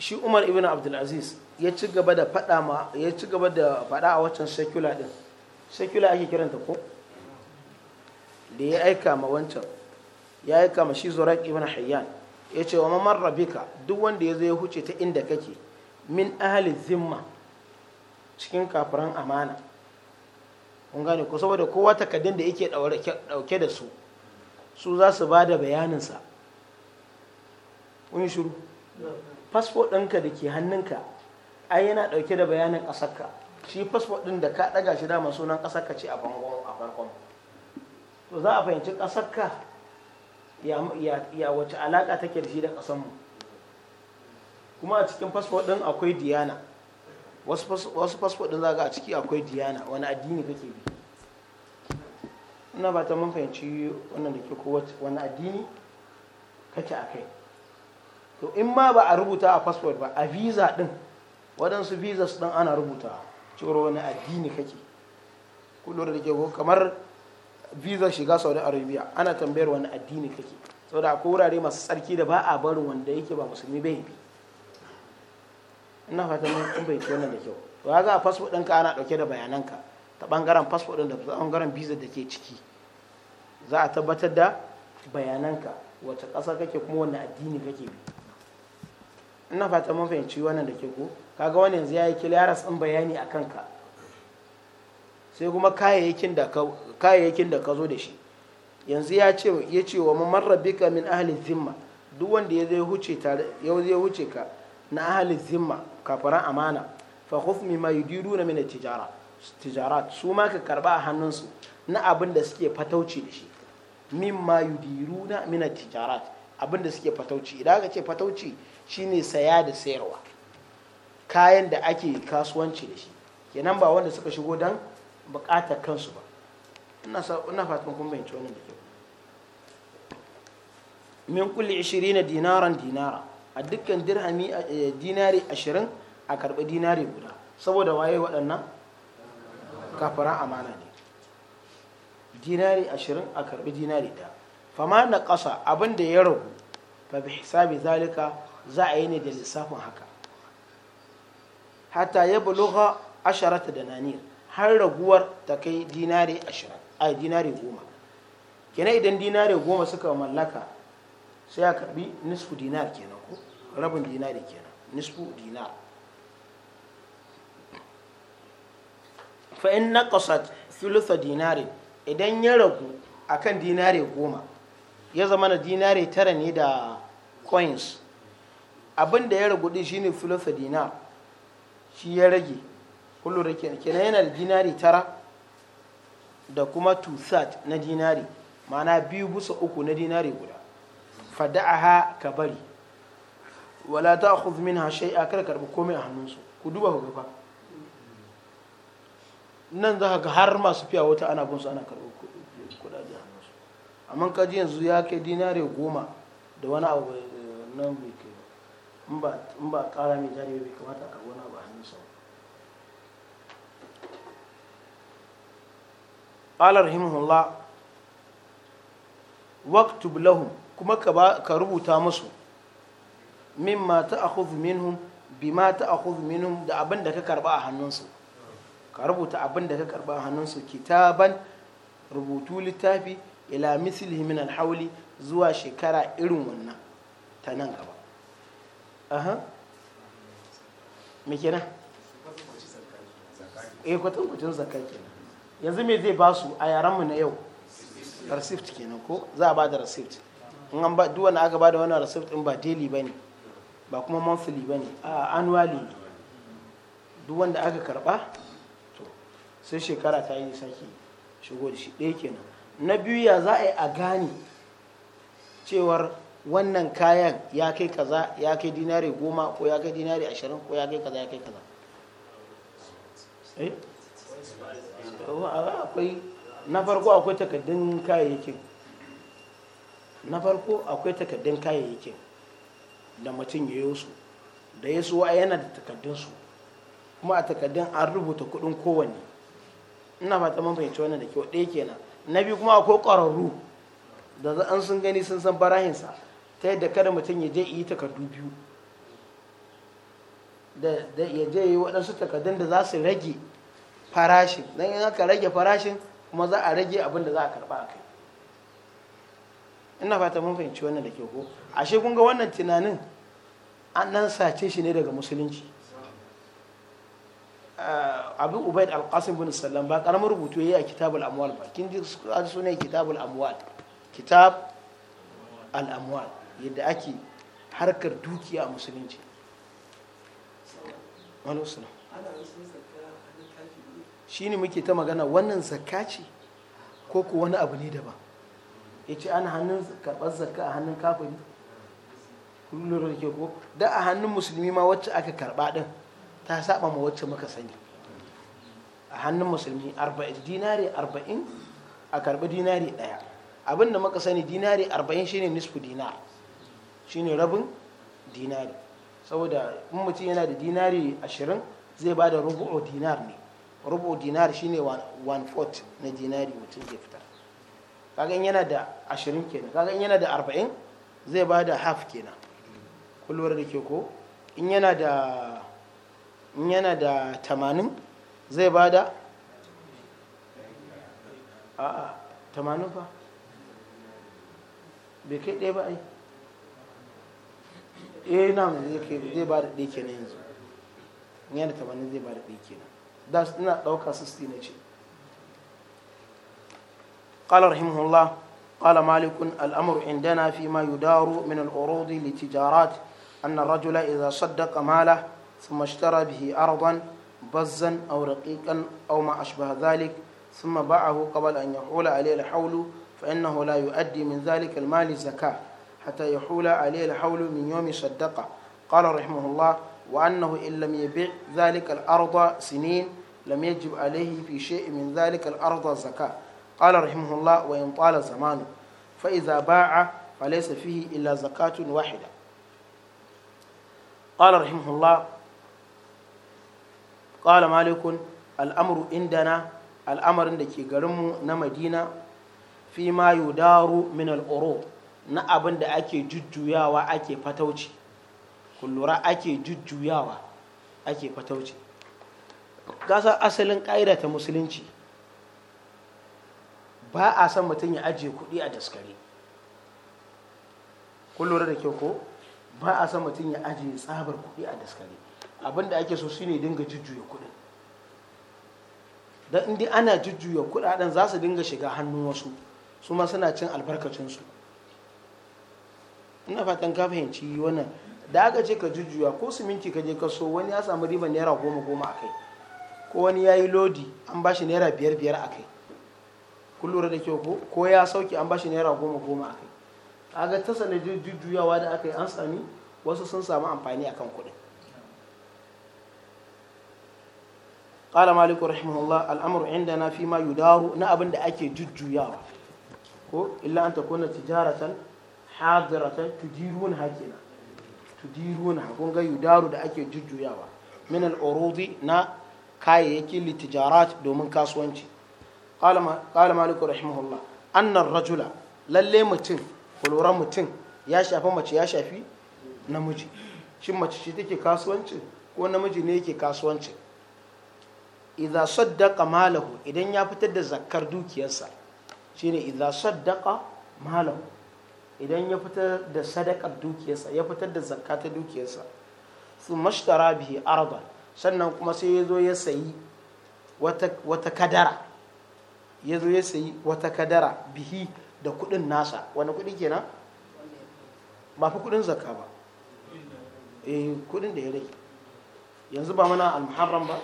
shi umar ibn abdulaziz ya ci da fada ya ci gaba da fada a wancan secular din secular ake kiranta ko da ya aika ma wancan ya aika ma shi zurak ibn hayyan ya ce wa mamar rabika duk wanda ya zo ya huce ta inda kake min ahli zimma cikin kafiran amana kun gane ko saboda kowa takaddun da yake dauke da su su za su ba da bayaninsa kun shiru fasfo ɗinka da ke hannunka ai yana ɗauke da bayanin ƙasarka shi fasfo ɗin da ka ɗaga shi dama sunan ƙasarka ce a farkon to za a fahimci ƙasarka ya wace alaƙa take da shi da ƙasarmu kuma a cikin fasfo ɗin akwai diyana wasu fasfo ɗin za ga a ciki akwai diyana wani addini kake bi ina ba ta mun fahimci wannan da ke kowace wani addini kake a kai to in ma ba a rubuta a passport ba a visa din waɗansu visas din ana rubuta cewar wani addini kake ku lura da ke kamar visa shiga saudi arabia ana tambayar wani addini kake saboda akwai wurare masu tsarki da ba a barin wanda yake ba musulmi bai bi ina fata mun bai wannan da kyau to ga a passport ɗinka ana ɗauke da bayananka ta bangaren fasfo ɗin da ta bangaren biza da ke ciki za a tabbatar da bayananka wace ƙasa kake kuma wani addini kake bi ina fata mun fahimci wannan da ke ko kaga wani yanzu ya yi kilaras ɗin bayani a kanka sai kuma kayayyakin da ka zo da shi yanzu ya ce ya ce wa mamman rabbika min ahalin zimma duk wanda ya zai huce tare yau zai huce ka na ahalin zimma kafaran amana fa khuf mimma yudiruna min tijara tijarat su ma ka karba a hannunsu na abin da suke fatauci da shi min diru yudiruna min tijarat abin da suke fatauci idan aka ce fatauci shine saya da sayarwa kayan da ake kasuwanci da shi kenan ba wanda suka shigo dan bukatar kansu ba ina ina fatan kun bayyana wannan da kyau min kulli 20 dinaran dinara a dukkan dirhami eh, dinari 20 a karbi dinari guda saboda waye waɗannan kafaran amana ne dinari ashirin a karbi dinari ta fama na ƙasa abin da ya ragu ba bi hisabi zalika za a yi ne da lissafin haka hata ya buluga asharata da nanir har raguwar ta kai dinari ashirin dinari goma kenan idan dinari goma suka mallaka sai a karbi nisfu dinar kenan ko rabin dinari kenan nisfu dinar fa in naqasat thulutha dinari idan ya ragu akan dinare goma ya zama na dinare tara ne da coins abinda ya ragu shi shine thulutha dinar shi ya rage da rake kenan yana da dinari tara da kuma tusat na dinari mana biyu busa uku na dinari guda fada'aha ka bari wala ta min ha shai'a kar karbi komai a hannunsu ku duba ku nan za ka ga har masu fiya wata ana bin su ana karɓar kudaje hannunsu amma kaji yanzu ya kai dinare goma da wani abu eh, nan bai kai ba in ba ƙara mai jari bai kamata a karɓi wani abu a hannunsa ala rahimahullah waktu lahum kuma ka rubuta musu mimma ta'khudhu minhum bima ta'khudhu minhum da abin da ka karba a hannunsu ka rubuta abin da ka karba hannunsu kitaban rubutu littafi ila mislihi min alhawli zuwa shekara irin wannan ta nan gaba aha me kenan eh kwatan zakka kenan yanzu me zai basu a a yaranmu na yau receipt kenan ko za a bada receipt in an ba duk wanda aka bada da wannan receipt din ba daily bane ba kuma monthly bane a annually duk wanda aka karba sai shekara ta yi sake shigo da shi ɗaya kenan na biyu ya za a yi a gane cewar wannan kayan ya kai kaza ya kai dinari goma ko ya kai dinari ashirin ko ya kai kaza ya kai kaza eh? akwai na farko akwai takaddun kayayyakin na farko akwai takaddun kayayyakin da mutum ya yi su da ya suwa yana da takaddunsu kuma a takaddun an rubuta kudin kowanne ina ba mun fahimci wannan da kyau ɗaya kenan na biyu kuma akwai ƙwararru da an sun gani sun san barahinsa ta yadda kada mutum ya je yi takardu biyu da ya je yi waɗansu takardun da za su rage farashin don in aka rage farashin kuma za a rage abin da za a karɓa a kai ina fata mun fahimci wannan da ke ko ashe kun ga wannan tunanin an nan sace shi ne daga musulunci abu ubaid al bin sallam ba karamin rubutu yayi a kitab al-amwal ba kin ji sunan kitab al-amwal kitab al-amwal yadda ake harkar dukiya a musulunci wani usula shi ne muke ta magana wannan zakka ce ko ko wani abu ne daban ya ce ana hannun karɓar zakka a hannun kafin kullum da ke ko da a hannun musulmi ma wacce aka karɓa ɗin ta saba ma wacce muka sani a hannun musulmi dinari arba'in a karbi dinari ɗaya abinda muka sani dinari arba'in shine nisfu dinar shine rabin dinari saboda in mutum yana da dinari ashirin zai ba da rubu'u dinar ne rubu'u dinar shine one fourth na dinari mutum zai fitar kaga in yana da ashirin kenan kaga in yana da arba'in zai ba da half kenan kulwar da ke ko in yana da in yana da tamanin zai ba da a a tamanin fa bai kai ɗaya ba ai eh na zai ba da ɗaya kenan yanzu in yana tamanin zai ba da ɗaya kenan da su ina ɗauka su na ce قال رحمه الله قال مالك الأمر عندنا فيما يدار من الأروض لتجارات أن الرجل إذا صدق ماله ثم اشترى به أرضا بزا أو رقيقا أو ما أشبه ذلك ثم باعه قبل أن يحول عليه الحول فإنه لا يؤدي من ذلك المال زكاة حتى يحول عليه الحول من يوم صدقه قال رحمه الله وأنه إن لم يبيع ذلك الأرض سنين لم يجب عليه في شيء من ذلك الأرض زكاة قال رحمه الله وإن طال زمانه فإذا باع فليس فيه إلا زكاة واحدة قال رحمه الله ƙwala malikun inda indana al'amarin da ke garinmu na madina fi ma yudaru min al'uro na abin da ake jujjuyawa ake fatauci kullura ake jujjuyawa ake fatauci gasar asalin ƙa'ida ta musulunci ba a san mutum ya ajiye kuɗi a daskare kullura da kyau ko ba a san mutum ya ajiye tsabar kuɗi a daskare abin da ake so shine dinga jujjuya kudin don inda ana jujjuya kuɗaɗen za su dinga shiga hannun wasu su ma suna cin albarkacinsu ina fatan ka fahimci wannan da aka ce ka jujjuya ko siminti ka je ka so wani ya samu riba naira goma goma a kai ko wani ya yi lodi an bashi shi naira biyar biyar a kai kun da kyau ko ya sauki an bashi shi naira goma goma a kai kaga ta sanadin jujjuyawa da aka yi an sami wasu sun samu amfani akan kuɗin qala maliku rahimahullah inda na fi ma yudaru na abin da ake jujjuyawa ko illa an takuna tijaratan hadiratan tudirun hakina tudirun hakun ga yudaru da ake jujjuyawa min al'urudi na kayayyaki litijarat domin kasuwanci qala maliku rahimahullah annar rajula lallai mutum kuluran mutum ya shafi mace ya shafi namiji shin mace ce take kasuwanci ko namiji ne yake kasuwanci. idza saddaqa malahu idan ya fitar da zakkar dukiyarsa shine idza saddaqa malahu idan ya fitar da sadakar dukiyarsa ya fitar da zakka ta dukiyarsa su mashtara bihi arda sannan kuma sai ya zo ya sayi wata kadara ya zo ya sayi wata kadara bihi da kudin nasa wani kudi kenan ba fi kudin zakka ba eh kudin da ya rage yanzu ba mana al-muharram ba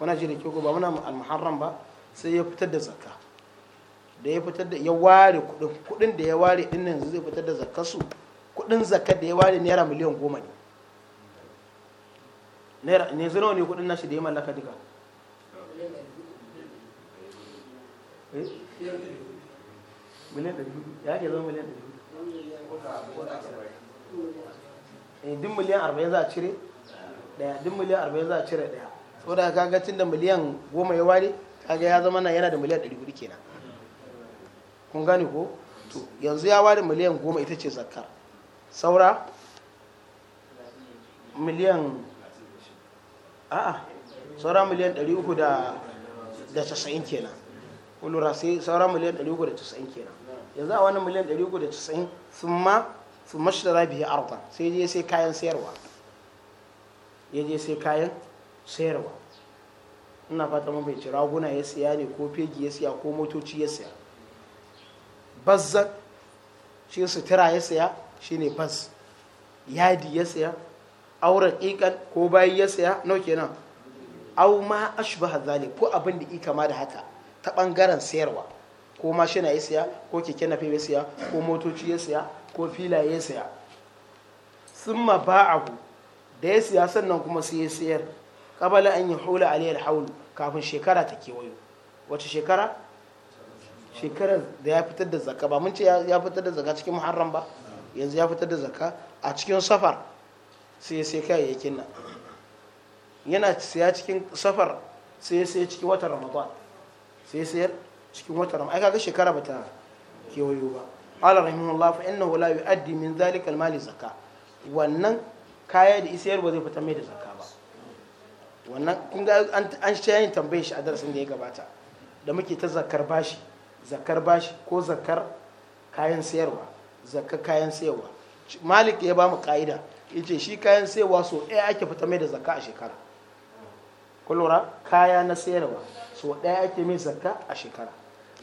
wana jini da ba muna al ba sai ya fitar da zakka da ya fitar da ya ware kudin kudin da ya ware din yanzu zai fitar da zakkar su kudin zakkar da ya ware naira miliyan goma ne naira ne zai nawa ne kudin nashi da ya mallaka duka eh? miliyan ɗari ya ke zama miliyan ɗari hudu duk eh, miliyan arba'in za a cire daya duk miliyan arba'in za a cire ɗaya saboda kaga tun da miliyan goma ya ware kaga ya zama na yana da miliyan ɗari hudu kenan kun gane ko to yanzu ya ware miliyan goma ita ce zakar saura miliyan a'a saura miliyan ɗari uku da casa'in kenan kulura sai saura miliyan ɗari uku da casa'in kenan yanzu a wani miliyan ɗari uku da casa'in sun ma sun mashtara biyu arda sai je sai kayan sayarwa ya je sai kayan sayarwa ina fata mun bai raguna ya siya ne ko fegi ya siya ko motoci ya siya bazzak shi sutura ya siya shi ne bas yadi ya siya auren ikan ko bayi ya siya nau kenan au ma ashbaha zalik ko abin da ma da haka ta bangaren sayarwa ko mashina ya siya ko keke na ya siya ko motoci ya siya ko filaye ya siya sun ma abu da ya siya sannan kuma sai ya sayar qabala an yahula alayhi alhawl kafin shekara ta kewayo wace shekara shekarar da ya fitar da zakka ba mun ce ya fitar da zakka cikin muharram ba yanzu ya fitar da zakka a cikin safar sai sai kayayyakin nan yana siya cikin safar sai sai cikin watan ramadan sai sayar cikin watan ramadan ai kaga shekara bata kewayo ba qala rahimahullah fa innahu la yu'addi min zalika al-mali zakka wannan kaya da isayar ba zai fitar mai da zakka wannan kun ga an shayin tambaye shi a darasin da ya gabata da muke ta zakar bashi zakar bashi ko zakar kayan sayarwa zakar kayan sayarwa malik ya ba mu ka'ida ya ce shi kayan sayarwa so ɗaya ake fita mai da zakka a shekara kulura kaya na sayarwa so ɗaya ake mai zakka a shekara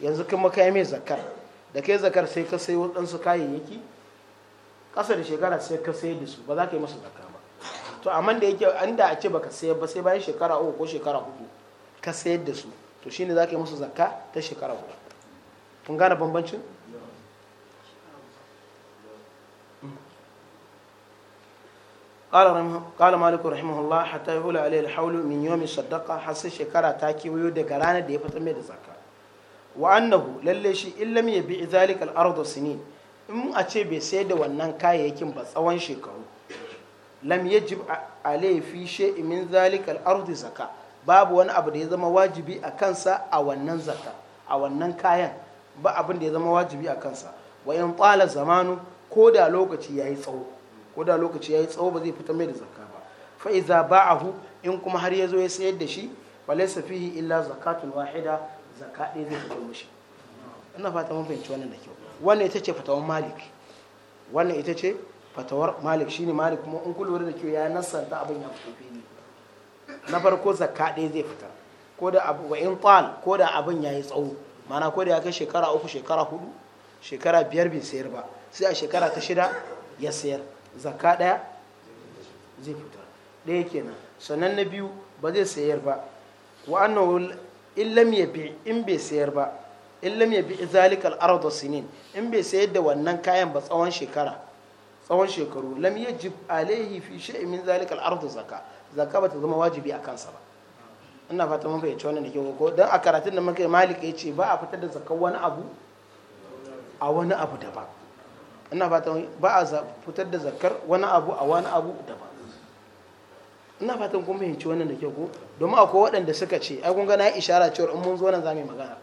yanzu kuma kai mai zakar da kai zakar sai ka sayo ɗansu kayayyaki ƙasa da shekara sai ka sayar da su ba za ka yi masa zakka to amma da yake an da a ce baka sayar ba sai bayan shekara uku ko shekara hudu ka sayar da su to shine zaka yi musu zakka ta shekara hudu kun gane bambancin قال قال مالك رحمه الله حتى يحول عليه الحول من يوم الصدقه حس شكرا تاكي ويو da ranar da ya fitar mai da zakka wa annahu lalle shi in lam bi zalika al-ardu sinin in a ce bai sayar da wannan kayayyakin ba tsawon shekaru lam yajib alayhi fi shay'in min zalika al-ardi zaka babu wani abu da ya zama wajibi a kansa a wannan zaka a wannan kayan ba abin da ya zama wajibi a kansa wa in tsala zamanu ko da lokaci yayi tsawo ko da lokaci yayi tsawo ba zai fita mai da zakka ba fa iza ba'ahu in kuma har yazo ya sayar da shi fa laysa fihi illa zakatun wahida zakka ɗaya zai fito mishi ina fata mun fahimci wannan da kyau wannan ita ce fatawan malik wannan ita ce fatawar malik shine malik kuma in kulwar da kyau ya nasanta abin ya fito fili na farko zakka ɗaya zai fita ko da abu wa in qal ko da abin yayi tsawo mana ko da ya kai shekara uku shekara hudu shekara biyar bai sayar ba sai a shekara ta shida ya sayar zakka ɗaya zai fita ɗaya kenan sannan na biyu ba zai sayar ba wa annahu in lam yabi in bai sayar ba in lam yabi zalikal ardu sinin in bai sayar da wannan kayan ba tsawon shekara tsawon shekaru lam yajib alaihi fi shay'in min zalika al-ardu zakka zakka bata zama wajibi a kansa ba ina fata mun fahimci wannan da kyau ko dan a karatun da muka yi malik ya ce ba a fitar da zakka wani abu a wani abu da ba ina fata ba a fitar da zakkar wani abu a wani abu da ba ina fata kun fahimci wannan da kyau ko domin akwai waɗanda suka ce ai kun ga na ishara cewa in mun zo nan za mu yi magana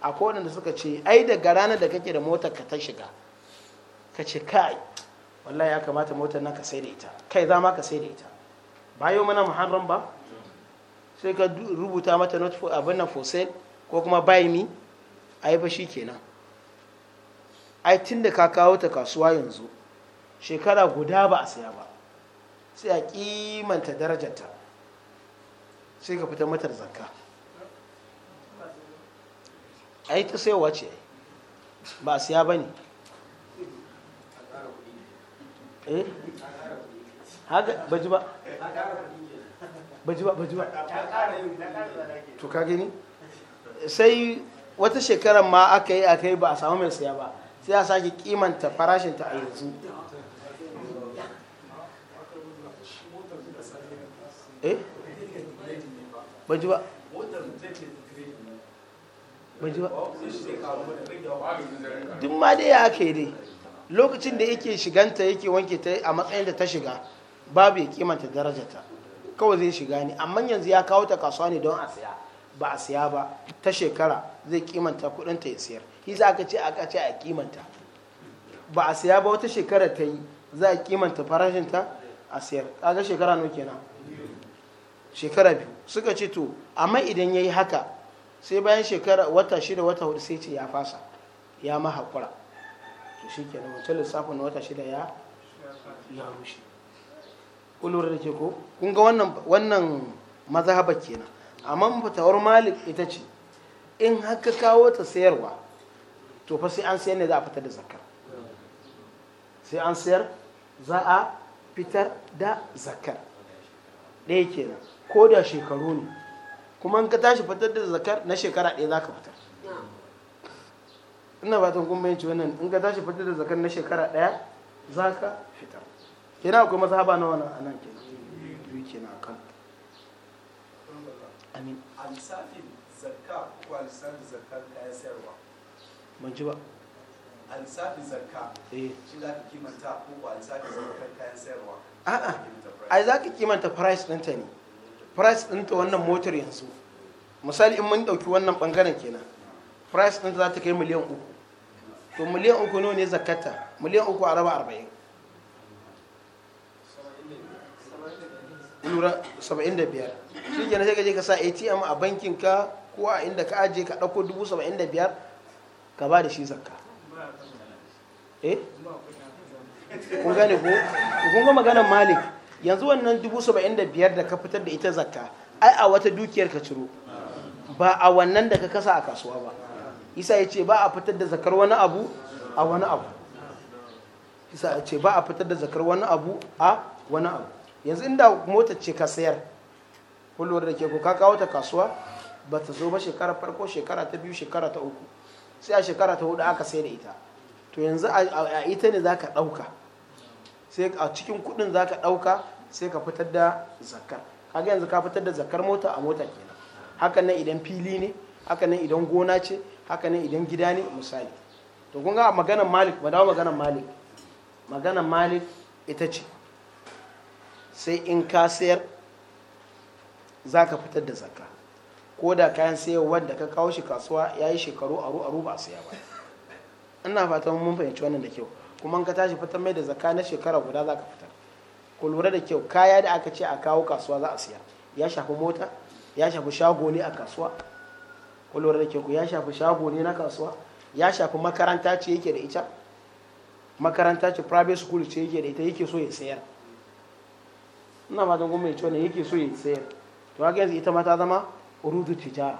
akwai waɗanda suka ce ai daga ranar da kake da motar ka ta shiga ka ce kai wallahi ya kamata motar nan ka sai da ita kai za ma ka sai da ita bayo mana muharram ba sai ka rubuta mata not for abin nan for sale ko kuma buy me ai yi shi kenan ai tun ka kawo ta kasuwa yanzu shekara guda ba a saya ba sai a kimanta darajarta sai ka fita matar zakka ai ta sayowa ce ba a saya ba ne eh sai wata shekarar ma aka yi aka yi ba a samu mai saya ba sai a sake kimanta farashinta a yanzu eh baji ba baji ba duk ma dai ya aka yi dai lokacin da yake shiganta yake wanke ta a matsayin da ta shiga babu ya kimanta darajata kawai zai shiga ne amma yanzu ya kawo ta kasuwa ne don a siya ba a siya ba ta shekara zai kimanta kudin ta ya siyar shi za ka ce a ce a kimanta ba a siya ba wata shekara ta yi za a kimanta farashin ta a siyar kaga shekara nawa kenan shekara biyu suka ce to amma idan yayi haka sai bayan shekara wata shida wata hudu sai ce ya fasa ya mahakura to shi ke nan wancan lissafin na wata shida ya ya rushe kulur da ke ko kun ga wannan wannan mazhaba kenan amma fatawar malik ita ce in haka kawo ta sayarwa to fa sai an sayar ne za a fitar da zakar sai an sayar za a fitar da zakar ɗaya kenan ko da shekaru ne kuma in ka tashi fitar da zakar na shekara ɗaya za ka fitar ina ta kun yanci wannan in ka tashi fitar da zakar na shekara ɗaya za ka fitar kenan akwai haba na wannan anan kenan biyu kenan kan amin a lissafin zakka ko a lissafin zakka kayan sayarwa ban ci ba a lissafin zakka eh. shi za ka kimanta ko a lissafin zakka kayan sayarwa a'a ai za ka kimanta price ɗinta ne price ɗinta wannan motar yanzu misali in mun ɗauki wannan ɓangaren kenan price ɗin za ta kai miliyan uku to miliyan uku ne ne zakata miliyan uku a raba arba'in lura saba'in da biyar shi kenan sai gaje ka sa atm a bankin ka ko a inda ka aje ka ɗauko dubu saba'in da biyar ka ba da shi zakka eh kun gane ko kun ga maganar malik yanzu wannan dubu saba'in da biyar da ka fitar da ita zakka ai a wata dukiyar ka ciro ba a wannan da ka kasa a kasuwa ba isa ya ce ba a fitar da zakar wani abu a wani abu isa ya ce ba a fitar da zakar wani abu a wani abu yanzu inda motar ce ka sayar kullum da ke ko ka kawo ta kasuwa ba ta zo ba shekara farko shekara ta biyu shekara ta uku sai a shekara ta hudu aka sai da ita to yanzu a ita ne za ka ɗauka sai a cikin kudin za ka ɗauka sai ka fitar da zakar kaga yanzu ka fitar da zakar mota a mota kenan hakan nan idan fili ne hakan nan idan gona ce haka ne idan gida ne misali to kun ga maganar malik ba dawo maganar malik maganar malik ita ce sai in ka sayar za ka fitar da zakka ko da kayan sayarwar da ka kawo shi kasuwa ya yi shekaru aru aru ba a saya ba ina fatan mun fahimci wannan da kyau kuma ka tashi fitar mai da zakka na shekara guda za ka fitar ku lura da kyau kaya da aka ce a kawo kasuwa za a siya ya shafi mota ya shafi shago ne a kasuwa kullum da ke ku ya shafi shago ne na kasuwa ya shafi makaranta ce yake da ita makaranta ce private school ce yake da ita yake so ya sayar ina fatan kuma mai cewa yake so ya sayar to haka yanzu ita ma ta zama urudu tijara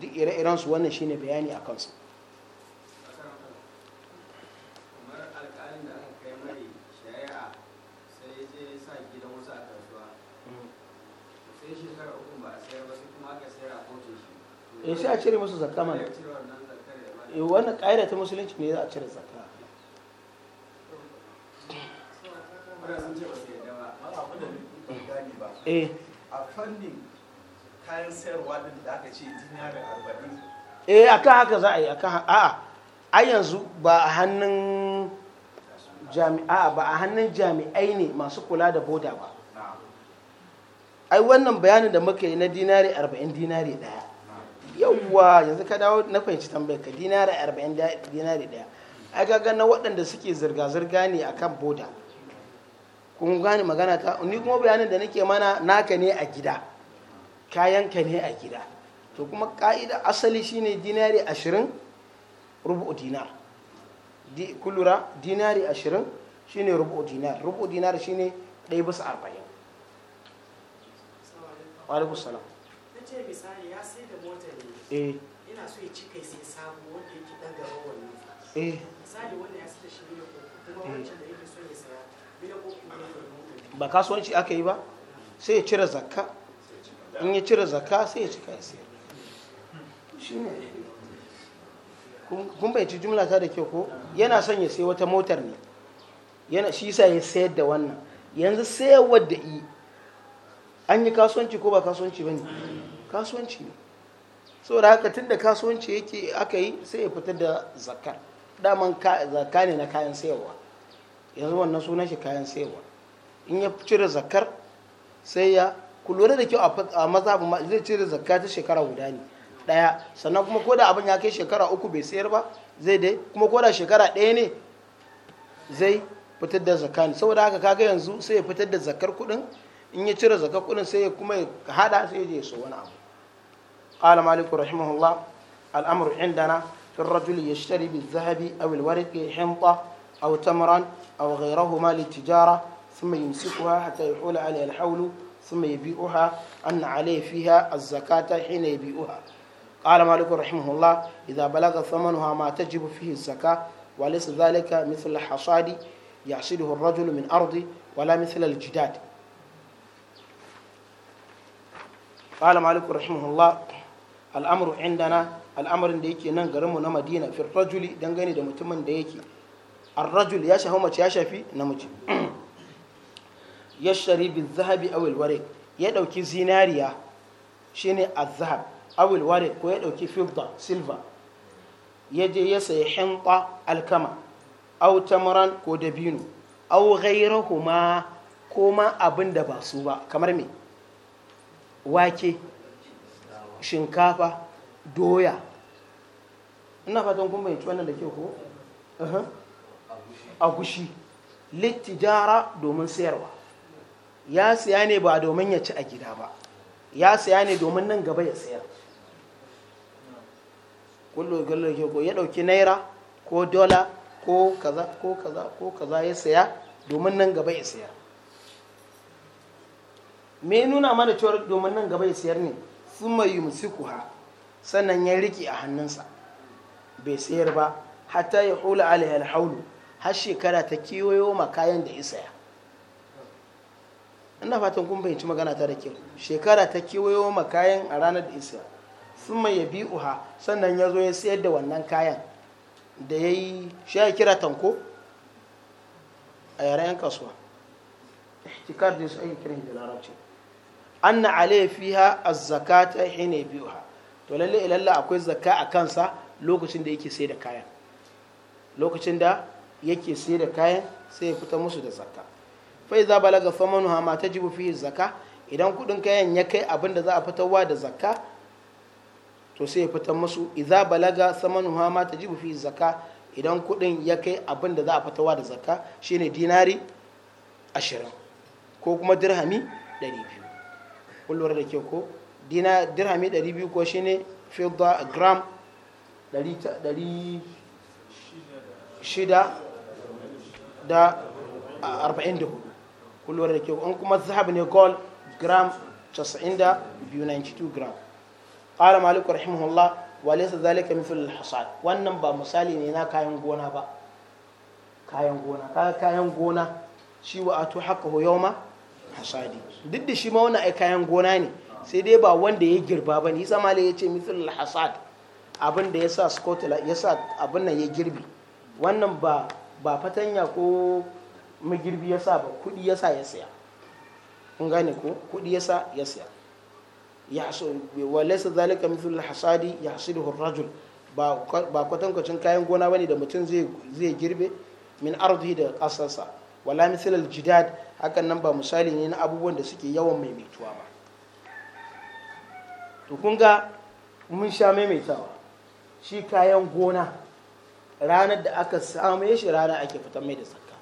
duk ire-iren su wannan shine bayani a kansu in eh, sai a cire musu zakka mana eh wannan ƙa'ida ta musulunci ne za a cire zakka eh. a fannin kayan sayarwa din da aka ce dinari arba'in eh akan haka za a yi akan a'a a yanzu ba a hannun jami'a ba a hannun jami'ai ne masu kula da boda ba ai wannan bayanin da muka yi na dinari 40 dinari daya yawwa yanzu ka dawo na fahimci tambayar ka dinari arba'in dinari ɗaya ai ga na waɗanda suke zirga-zirga ne a kan boda kun gane magana ta ni kuma bayanin da nake mana naka ne a gida kayan ka ne a gida to kuma ka'ida asali shine dinari ashirin rubu dinar kullura dinari ashirin shine rubu dinar rubu dinar shine ɗaya bisa arba'in ba kasuwanci aka yi ba sai ya cire zakka in ya cire zakka sai ya ci sai kun bai ci jumla ta da kyau ko yana son ya sai wata motar ne yana shi sa ya sayar da wannan yanzu sayarwar da yi an yi kasuwanci ko ba kasuwanci ba ne kasuwanci ne saboda haka tun da kasuwanci yake aka yi sai ya fitar da zakar daman zaka ne na kayan sayarwa yanzu wannan sunan shi kayan sayarwa in ya cire zakar sai ya ku lura da kyau a mazhabin zai cire zakka ta shekara guda ne daya sannan kuma koda abin ya kai shekara uku bai sayar ba zai dai kuma koda shekara ɗaya ne zai fitar da zakka ne saboda haka kaga yanzu sai ya fitar da zakar kuɗin in ya cire zakar kuɗin sai ya kuma ya hada sai ya je so wani abu قال مالك رحمه الله الأمر عندنا في الرجل يشتري بالذهب أو الورق حنطة أو تمرا أو غيرهما للتجارة ثم يمسكها حتى يحول عليها الحول ثم يبيعها أن عليه فيها الزكاة حين يبيعها قال مالك رحمه الله إذا بلغ ثمنها ما تجب فيه الزكاة وليس ذلك مثل الحصاد يحصده الرجل من أرضه ولا مثل الجداد قال مالك رحمه الله al'amuru indana al'amarin da yake nan garinmu na madina juli rajuli dangane da mutumin da yake ar-rajul ya shafi mace ya shafi namiji shari bin zahabi aw ware, ya dauki zinariya shine az-zahab aw ware ko ya dauki fidda silver ya je ya sayi hinta alkama aw tamran ko dabino aw ghayrahuma ko ma abin da ba su ba kamar mai. wake shinkafa doya ina fatan kuma yanci wannan da ke ko agushi littijara domin sayarwa ya siya ne ba domin ya ci a gida ba ya siya ne domin nan gaba ya sayar kullu gallo ke ko ya dauki naira ko dola ko kaza ko kaza ko kaza ya saya domin nan gaba ya sayar me nuna mana cewar domin nan gaba ya sayar ne thumma yumsikuha sannan ya rike a hannunsa bai sayar ba hatta ya hula alaiha alhaulu har shekara ta kewayo ma kayan da ya ina fatan kun ci magana ta da kyau shekara ta kewayo ma kayan a ranar da ya bi uha sannan ya zo ya sayar da wannan kayan da ya yi shi ya kira tanko a yaren yan kasuwa ihtikar da su ake kiran da larabci anna alayhi fiha az-zakata hina biha to lalle ilalla akwai zakka a kansa lokacin da yake sai da kayan lokacin da yake sai da kayan sai ya fita musu da zakka fa idza balaga famanuha ma tajibu fihi zakka idan kudin kayan ya kai abin da za a fitarwa da zakka to sai ya fitar musu idza balaga samanuha ma tajibu fihi zakka idan kudin ya kai abin da za a fitarwa da zakka shine dinari 20 ko kuma dirhami 200 kullum da ke ko dina dirhami 200 ko ne fidda gram 640 da kullum da ke ko an kuma zahab ne gold gram 92 gram قال مالك رحمه wa lesa zalika mafi الحصاد wannan ba misali ne na kayan gona ba kayan gona kayan gona shi wa haka haqqahu ma. hasadi duk da shi ma wani ai kayan gona ne sai dai ba wanda ya girba ba ne isa malai ya ce mithlul hasad abin da ya sa scotland ya sa abin nan ya girbi wannan ba ba fatanya ko magirbi ya sa ba kudi ya sa ya siya kun gane ko kudi ya sa ya siya ya so wa walaysa zalika al hasadi ya hasidu rajul ba kwatankwacin kayan gona bane da mutum zai girbe min ardihi da kasarsa wala misal aljidad hakan nan ba misali ne na abubuwan da suke yawan maimaituwa ba to kun ga mun sha maimaitawa shi kayan gona ranar da aka same shi rana ake fitar mai da sakka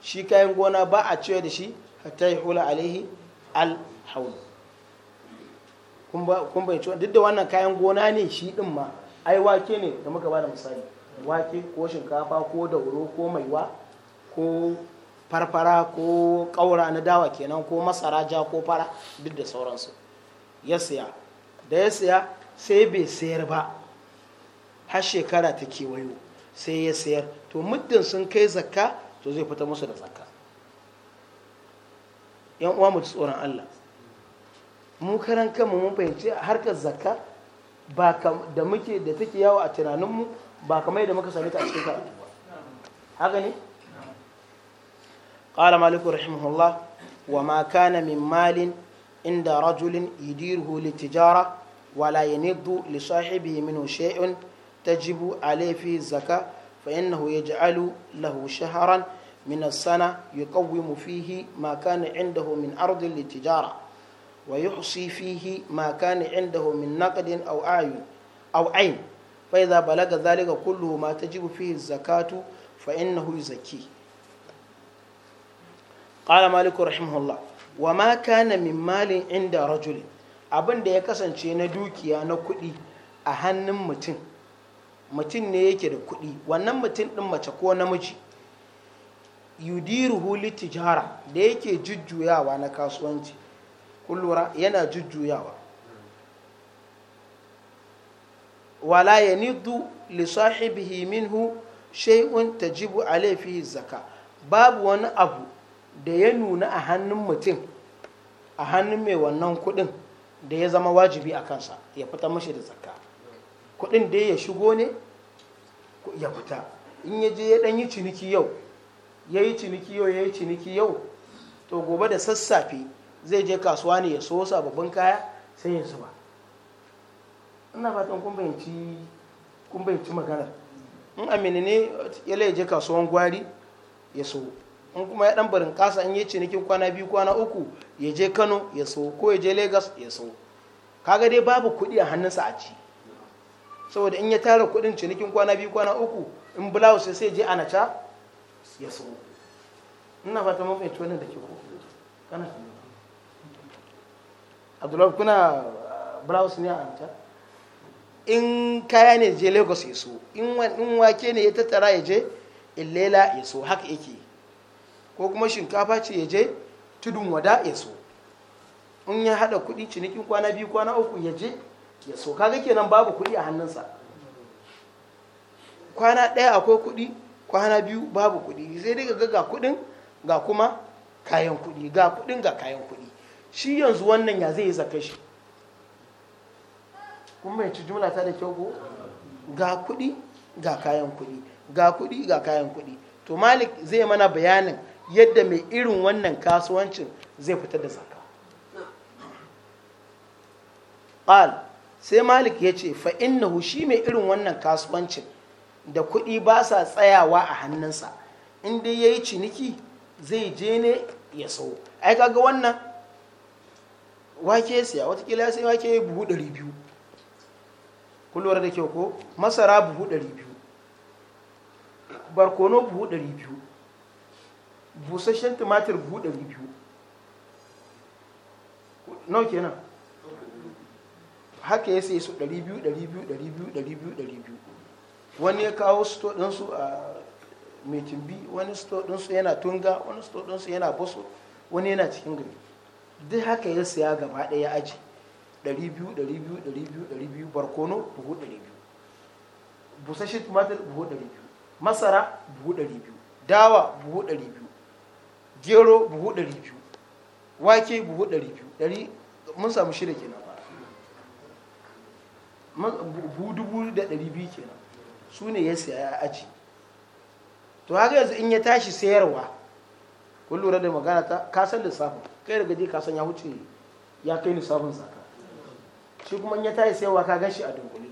shi kayan gona ba a cewa da shi hatta yi hula alaihi alhaun kun bai cewa duk da wannan kayan gona ne shi din ma ai wake ne da muka ba da misali wake ko shinkafa ko dauro ko maiwa ko farfara ko ƙaura na dawa kenan ko masara ja ko fara duk da sauransu ya siya da ya siya sai bai sayar ba har shekara ta kewayo sai ya sayar to muddin sun kai zakka to zai fita musu da zakka yan uwa mutu tsoron allah mu karan kanmu mun fahimci harkar zakka ba da muke da take yawo a tunaninmu ba kamar yadda muka same ta a cikin karatu ba haka ne قال مالك رحمه الله وما كان من مال عند رجل يديره للتجارة ولا ينض لصاحبه منه شيء تجب عليه فيه الزكاة فإنه يجعل له شهرا من السنة يقوم فيه ما كان عنده من أرض للتجارة ويحصي فيه ما كان عنده من نقد أو أعين أو عين فإذا بلغ ذلك كله ما تجب فيه الزكاة فإنه يزكيه قال مالك رحمه wa وما كان من مال inda رجل abin da ya kasance na dukiya na kuɗi a hannun mutum mutum ne yake da kuɗi wannan mutum ɗin mace ko namiji yudiruhu litijara da yake jujjuyawa na kasuwanci kullura yana jujjuyawa wala ya nidu lissahibihi minhu shay'un tajibu alaifihi zaka babu wani abu da ya nuna a hannun mutum a hannun mai wannan kuɗin da ya zama wajibi a kansa ya fita mashi da zakka kuɗin da ya shigo ne ya fita in ya je ya ɗan yi ciniki yau ya yi ciniki yau ya yi ciniki yau to gobe da sassafe zai je kasuwa ne ya so sababbin kaya sai ya zuba ina fatan kun bayanci maganar in amini ne ya je kasuwan gwari ya so in kuma ya dan barin kasa in yi cinikin kwana biyu kwana uku ya je kano ya so ko ya je lagos ya so kaga dai babu kuɗi a hannunsa a ci saboda in ya tara kuɗin cinikin kwana biyu kwana uku in blouse sai je ana ca ya so ina fata mun fahimci wannan da ke ko kana Abdullahi kuna uh, blouse ne a ta in kaya ne je Lagos ya so in wake ne ya tattara ya je illela ya so haka yake ko kuma shinkafa ce ya je tudun wada ya so in ya hada kudi cinikin kwana biyu kwana uku ya je ya so kaga kenan babu kudi a hannunsa kwana ɗaya akwai kudi kwana biyu babu kudi sai dai ga ga ga kuma kayan kudi ga kudin ga kayan kudi shi yanzu wannan ya zai yi zaka shi kuma mai ci jumla ta da kyau ko ga kudi ga kayan kudi ga kudi ga kayan kudi to malik zai mana bayanin yadda mai irin wannan kasuwancin zai fitar da zaka. ƙal sai malik ya ce fa’in na shi mai irin wannan kasuwancin da kuɗi ba sa tsayawa a hannunsa inda ya yi ciniki zai je ne ya sau ai kaga wannan wake siya watakila sai wake buhu ɗari biyu Kulwar da kyau ko masara buhu ɗari biyu barkono buhu ɗari biyu busasshen tumatir buhu ɗari biyu nau kenan haka ya sai su ɗari biyu ɗari biyu ɗari biyu ɗari biyu ɗari biyu wani ya kawo sto ɗinsu a metimbi wani sto ɗinsu yana tunga wani sto ɗinsu yana boso wani yana cikin gari duk haka ya siya gaba ɗaya aji ɗari biyu ɗari biyu ɗari biyu ɗari biyu barkono buhu ɗari biyu busashen tumatir buhu ɗari biyu masara buhu ɗari biyu dawa buhu ɗari biyu gero buhu biyu, wake buhu biyu ɗari mun samu shida kenan buhu dubu da biyu kenan su ne ya siya ya aji to haka yanzu in ya tashi sayarwa kun lura da magana ta kasan lissafin kai daga je kasan ya wuce ya kai lissafin zaka shi kuma in ya tashi sayarwa ka shi a dunkule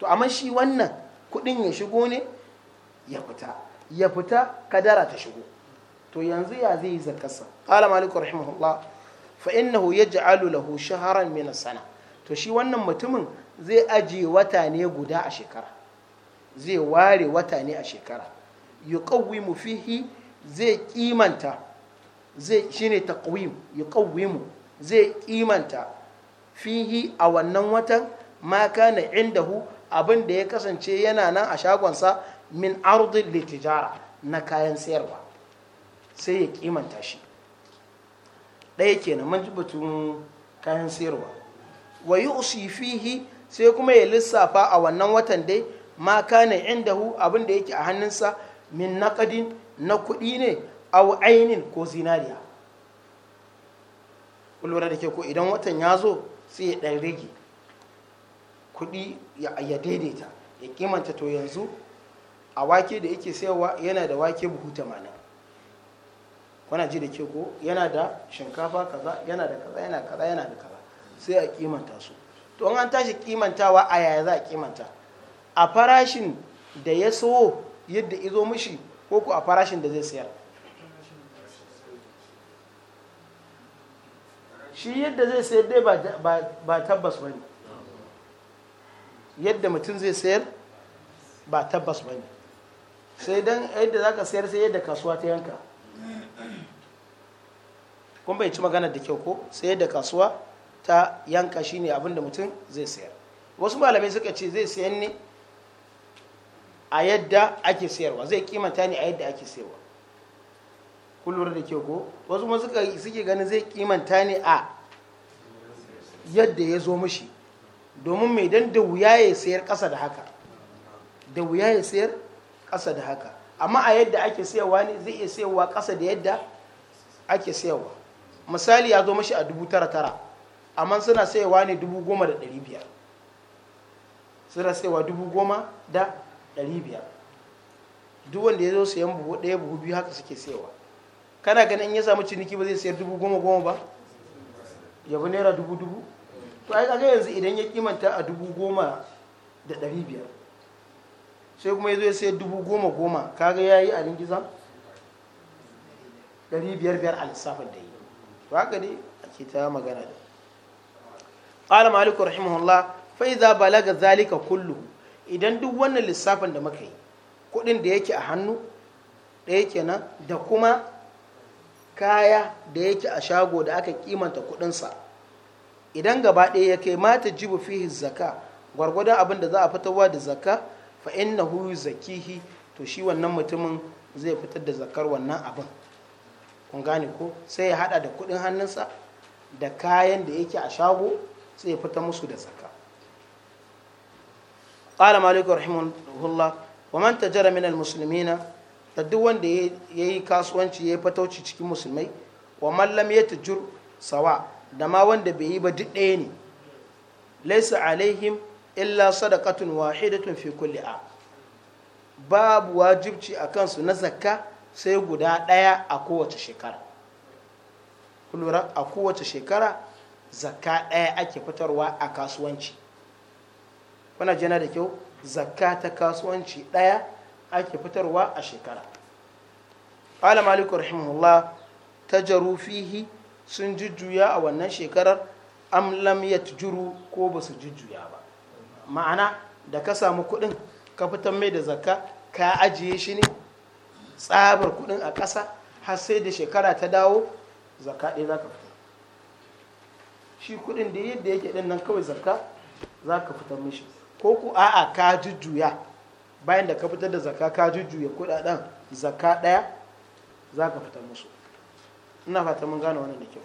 to amma shi wannan kudin ya shigo ne ya fita ya fita kadara ta shigo to yanzu ya zai yi zakarsa qala maliku rahimahullah fa innahu yaj'alu lahu shahran min sana to shi wannan mutumin zai aje wata ne guda a shekara zai ware wata ne a shekara yuqawwimu fihi zai kimanta zai shine taqwim yuqawwimu zai kimanta fihi a wannan watan ma kana indahu abin da ya kasance yana nan a shagonsa min ardi litijara na kayan sayarwa sai ya kimanta shi ɗaya kenan man batun kayan sayarwa wa yusi sai kuma ya lissafa a wannan watan dai ma kana indahu abin da yake a hannunsa min naqadin na kuɗi ne a ainin ko zinariya ƙulwara da ke ko idan watan ya zo sai ya ɗan rage kuɗi ya daidaita ya kimanta to yanzu a wake da yake sayarwa yana da wake buhu tamanin wana ji da ke ko yana da shinkafa kaza yana da kaza yana kaza yana da kaza sai a kimanta su to an tashi kimantawa a yaya za a kimanta a farashin da ya so yadda izo mishi ko ku a farashin da zai sayar shi yadda zai sayar dai ba tabbas ba ne yadda mutum zai sayar ba tabbas ba ne sai don yadda za ka sayar sai yadda kasuwa ta yanka kun bai ci magana da kyau ko sayar da kasuwa ta yanka shine abin da mutum zai sayar wasu malamai suka ce zai sayan ne a yadda ake sayarwa zai kimanta ne a yadda ake sayarwa kun da kyau ko wasu ma suke ganin zai kimanta ne a yadda ya zo mashi domin mai dan da wuya ya sayar ƙasa da haka da wuya ya sayar ƙasa da haka amma a yadda ake sayarwa ne zai iya sayarwa ƙasa da yadda ake sayarwa misali ya zo mashi a dubu tara tara amma suna sayarwa ne dubu goma da ɗari biyar suna sayarwa dubu goma da ɗari biyar duk wanda ya zo sayan buhu ɗaya buhu biyu haka suke sayarwa kana ganin ya samu ciniki ba zai sayar dubu goma goma ba ya bi naira dubu dubu to ai kaga yanzu idan ya kimanta a dubu goma da ɗari biyar sai kuma ya zo ya sai dubu goma goma kaga ya yi a ringiza dari biyar biyar a lissafin da yi to haka dai ake ta magana da ƙala maliku rahimahullah fa iza balaga zalika kullu idan duk wannan lissafin da muka yi kuɗin da yake a hannu ɗaya kenan da kuma kaya da yake a shago da aka kimanta kuɗinsa idan gaba ɗaya ya kai mata jibu fihi zaka gwargwadon abin da za a fitarwa da zaka fa innahu zakihi to shi wannan mutumin zai fitar da zakar wannan abin kun gane ko sai ya hada da kudin hannunsa da kayan da yake a shago sai ya fita musu da zaka qala malik rahimahullah wa man tajara min almuslimina da duk wanda yayi kasuwanci yayi fatauci cikin musulmai wa man lam yatajur sawa da ma wanda bai yi ba duk ɗaya ne laysa alaihim illa sadaqatun wahidatun fi kulli a babu wajibci a kansu na zakka sai guda ɗaya a kowace shekara kulura a kowace shekara zakka ɗaya ake fitarwa a kasuwanci kuna jana da kyau zakka ta kasuwanci ɗaya ake fitarwa a shekara ƙala maliku rahimahullah ta jaru fihi sun jujjuya a wannan shekarar am lam juru ko ba su jujjuya ba ma'ana da ka samu kuɗin ka fitar mai da zakka ka ajiye shi ne tsabar kuɗin a ƙasa har sai da shekara ta dawo zakka ɗaya za ka fita shi kuɗin da yadda yake ɗin nan kawai zakka za ka fitar mishi ko ku a'a ka jujjuya bayan da ka fitar da zakka ka jujjuya kudaden zakka ɗaya za ka fitar musu ina fata mun gane wannan da kyau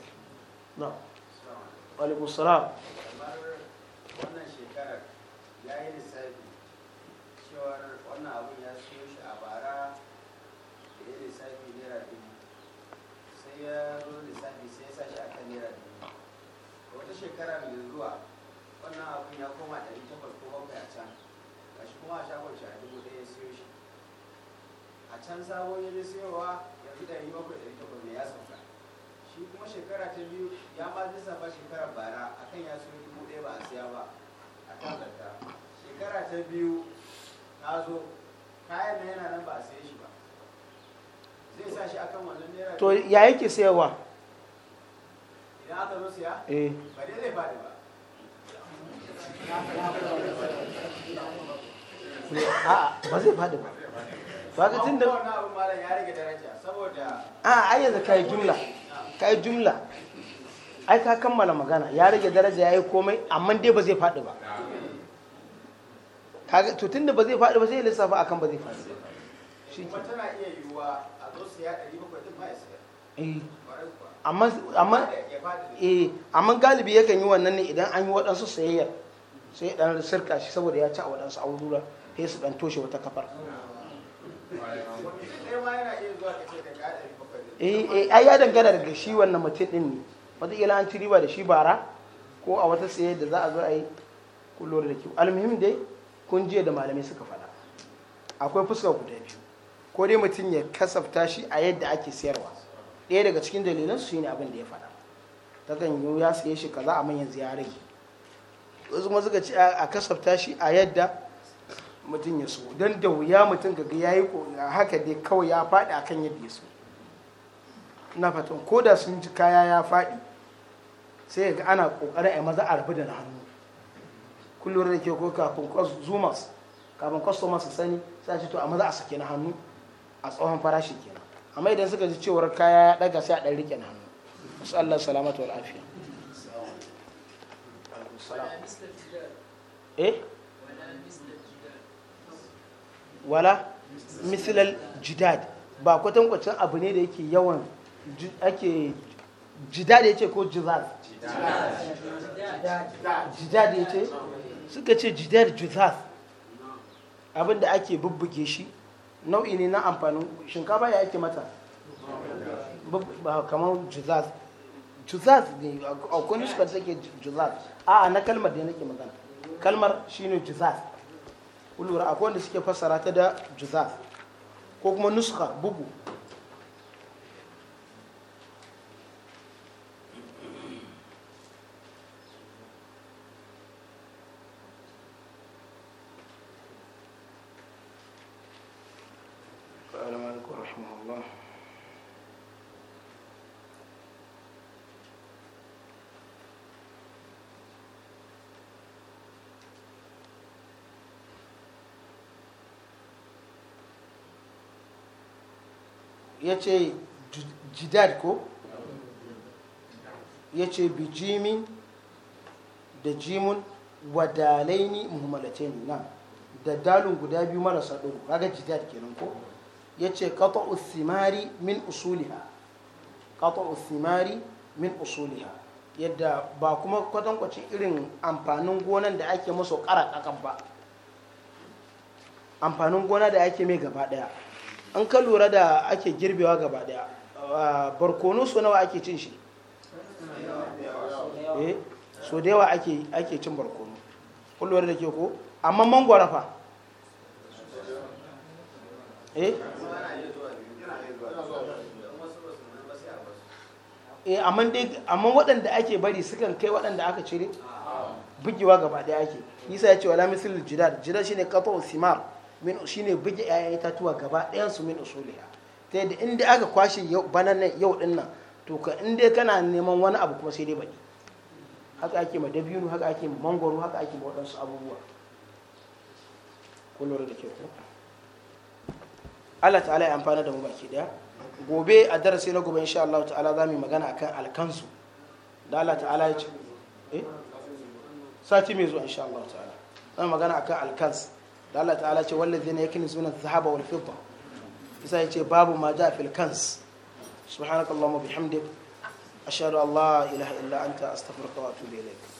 na alaikum ya yi lissafi cewar wannan abun ya siyo shi a bara da ya lissafi naira dubu sai ya zo lissafi sai ya sa shi a kan naira dubu wata shekara mai zuwa wannan abun ya koma ɗari takwas ko bakwai a can gashi kuma a shagon shi a dubu ɗaya ya siyo shi a can sabon ya siyowa yanzu ɗari bakwai ɗari takwas ne ya sauka shi kuma shekara ta biyu ya ma lissafa shekarar bara akan ya siyo dubu ɗaya ba a siya ba a kan zarta shekara ta biyu na zo kayan na yana nan ba a saye shi ba zai sa shi akan wannan naira to ya yake sayarwa idan aka zo siya eh ba dai zai ba eh, ba zai ba ba ga tun da wannan malam ya rage daraja saboda ai yanzu kai jumla kai jumla ai ka kammala magana ya rage daraja ya yi komai amma dai ba zai faɗi ba kaga to tunda ba zai faɗi ba sai lissafa akan ba zai faɗi shi ke tana iya yiwuwa a zo su ya bakwai din ba amma amma eh amma galibi yakan yi wannan ne idan an yi waɗansu sayayyar sai dan sirka shi saboda ya ci a waɗansu aurura sai su dan toshe wata kafar eh, eh ai ya dangana daga shi wannan mutum din ne ila an ci riba da shi bara ko a wata sayayyar da za a zo a yi kullum da kyau almuhim dai kun jiya da malamai suka faɗa akwai fuska guda biyu ko dai mutum ya kasafta shi a yadda ake sayarwa ɗaya daga cikin dalilan su ne abin da ya faɗa ta kan yi ya saye shi kaza a manyan ya wasu ma suka ce a kasafta shi a yadda mutum ya so don da wuya mutum ga ya yi haka dai kawai ya faɗi akan yadda ya so na fatan ko da sun ji kaya ya faɗi sai ga ana ƙoƙarin a maza a rabu da hannu kullum da ke ko kafin zumas kafin customers su sani sai ce to amma za a sake na hannu a tsohon farashi kenan amma idan suka ji cewar kaya ya daga sai a dan rike na hannu wasu Allah salamatu wal afiya eh wala misilal jidad ba kwatankwacin abu ne da yake yawan ake jidad ya ce ko jizaz jidad ya ce suka ce jidar juthas abinda ake bubbuge shi nau'i ne na amfanin shinkafa ya ake mata kamar juthas juthas ne a kuni suka take juthas a na kalmar da nake magana kalmar shine juthas kulura akwai wanda suke fassara ta da juthas ko kuma nuska bugu ya ce jidad ko ya ce bijimin da jimun wadalaini muhimmalatain na da dalun guda biyu marasa ɗogo kaga jidad kenan ko ya ce kato usimari min usuliha kato usimari min usuliha yadda ba kuma kwatankwacin irin amfanin gonan da ake maso ƙara ƙaƙan ba amfanin gona da ake mai gaba ɗaya an ka lura da ake girbewa gaba daya barkonu so nawa ake cin shi eh, so da yawa ake cin barkonu kun lura da ke ko amma mangwara fa eh, eh amma waɗanda ake bari sukan kai waɗanda aka cire bugewa gaba daya ake nisa ya ce wala misil jidar jidar shine kafa simar shine buge 'ya'yan itatuwa gaba ɗayan su min usuliha ta yadda inda aka kwashe bananan yau ɗin nan to ka inda kana neman wani abu kuma sai dai baɗi haka ake ma dabino haka ake ma mangwaro haka ake ma waɗansu abubuwa kullum da ke ku Allah ta'ala ya amfana da mu baki daya gobe a darasi na gobe insha Allah ta'ala za mu yi magana akan alkansu da Allah ta'ala ya ce eh? sati mai zuwa insha Allah ta'ala za mu magana akan alkansu da Allah ta'ala ce wallazina yaknizuna sunan zahaba wal fidda isa ce babu ma ja fil kans subhanakallahumma bihamdik ashhadu an la ilaha illa anta astaghfiruka wa atubu ilaik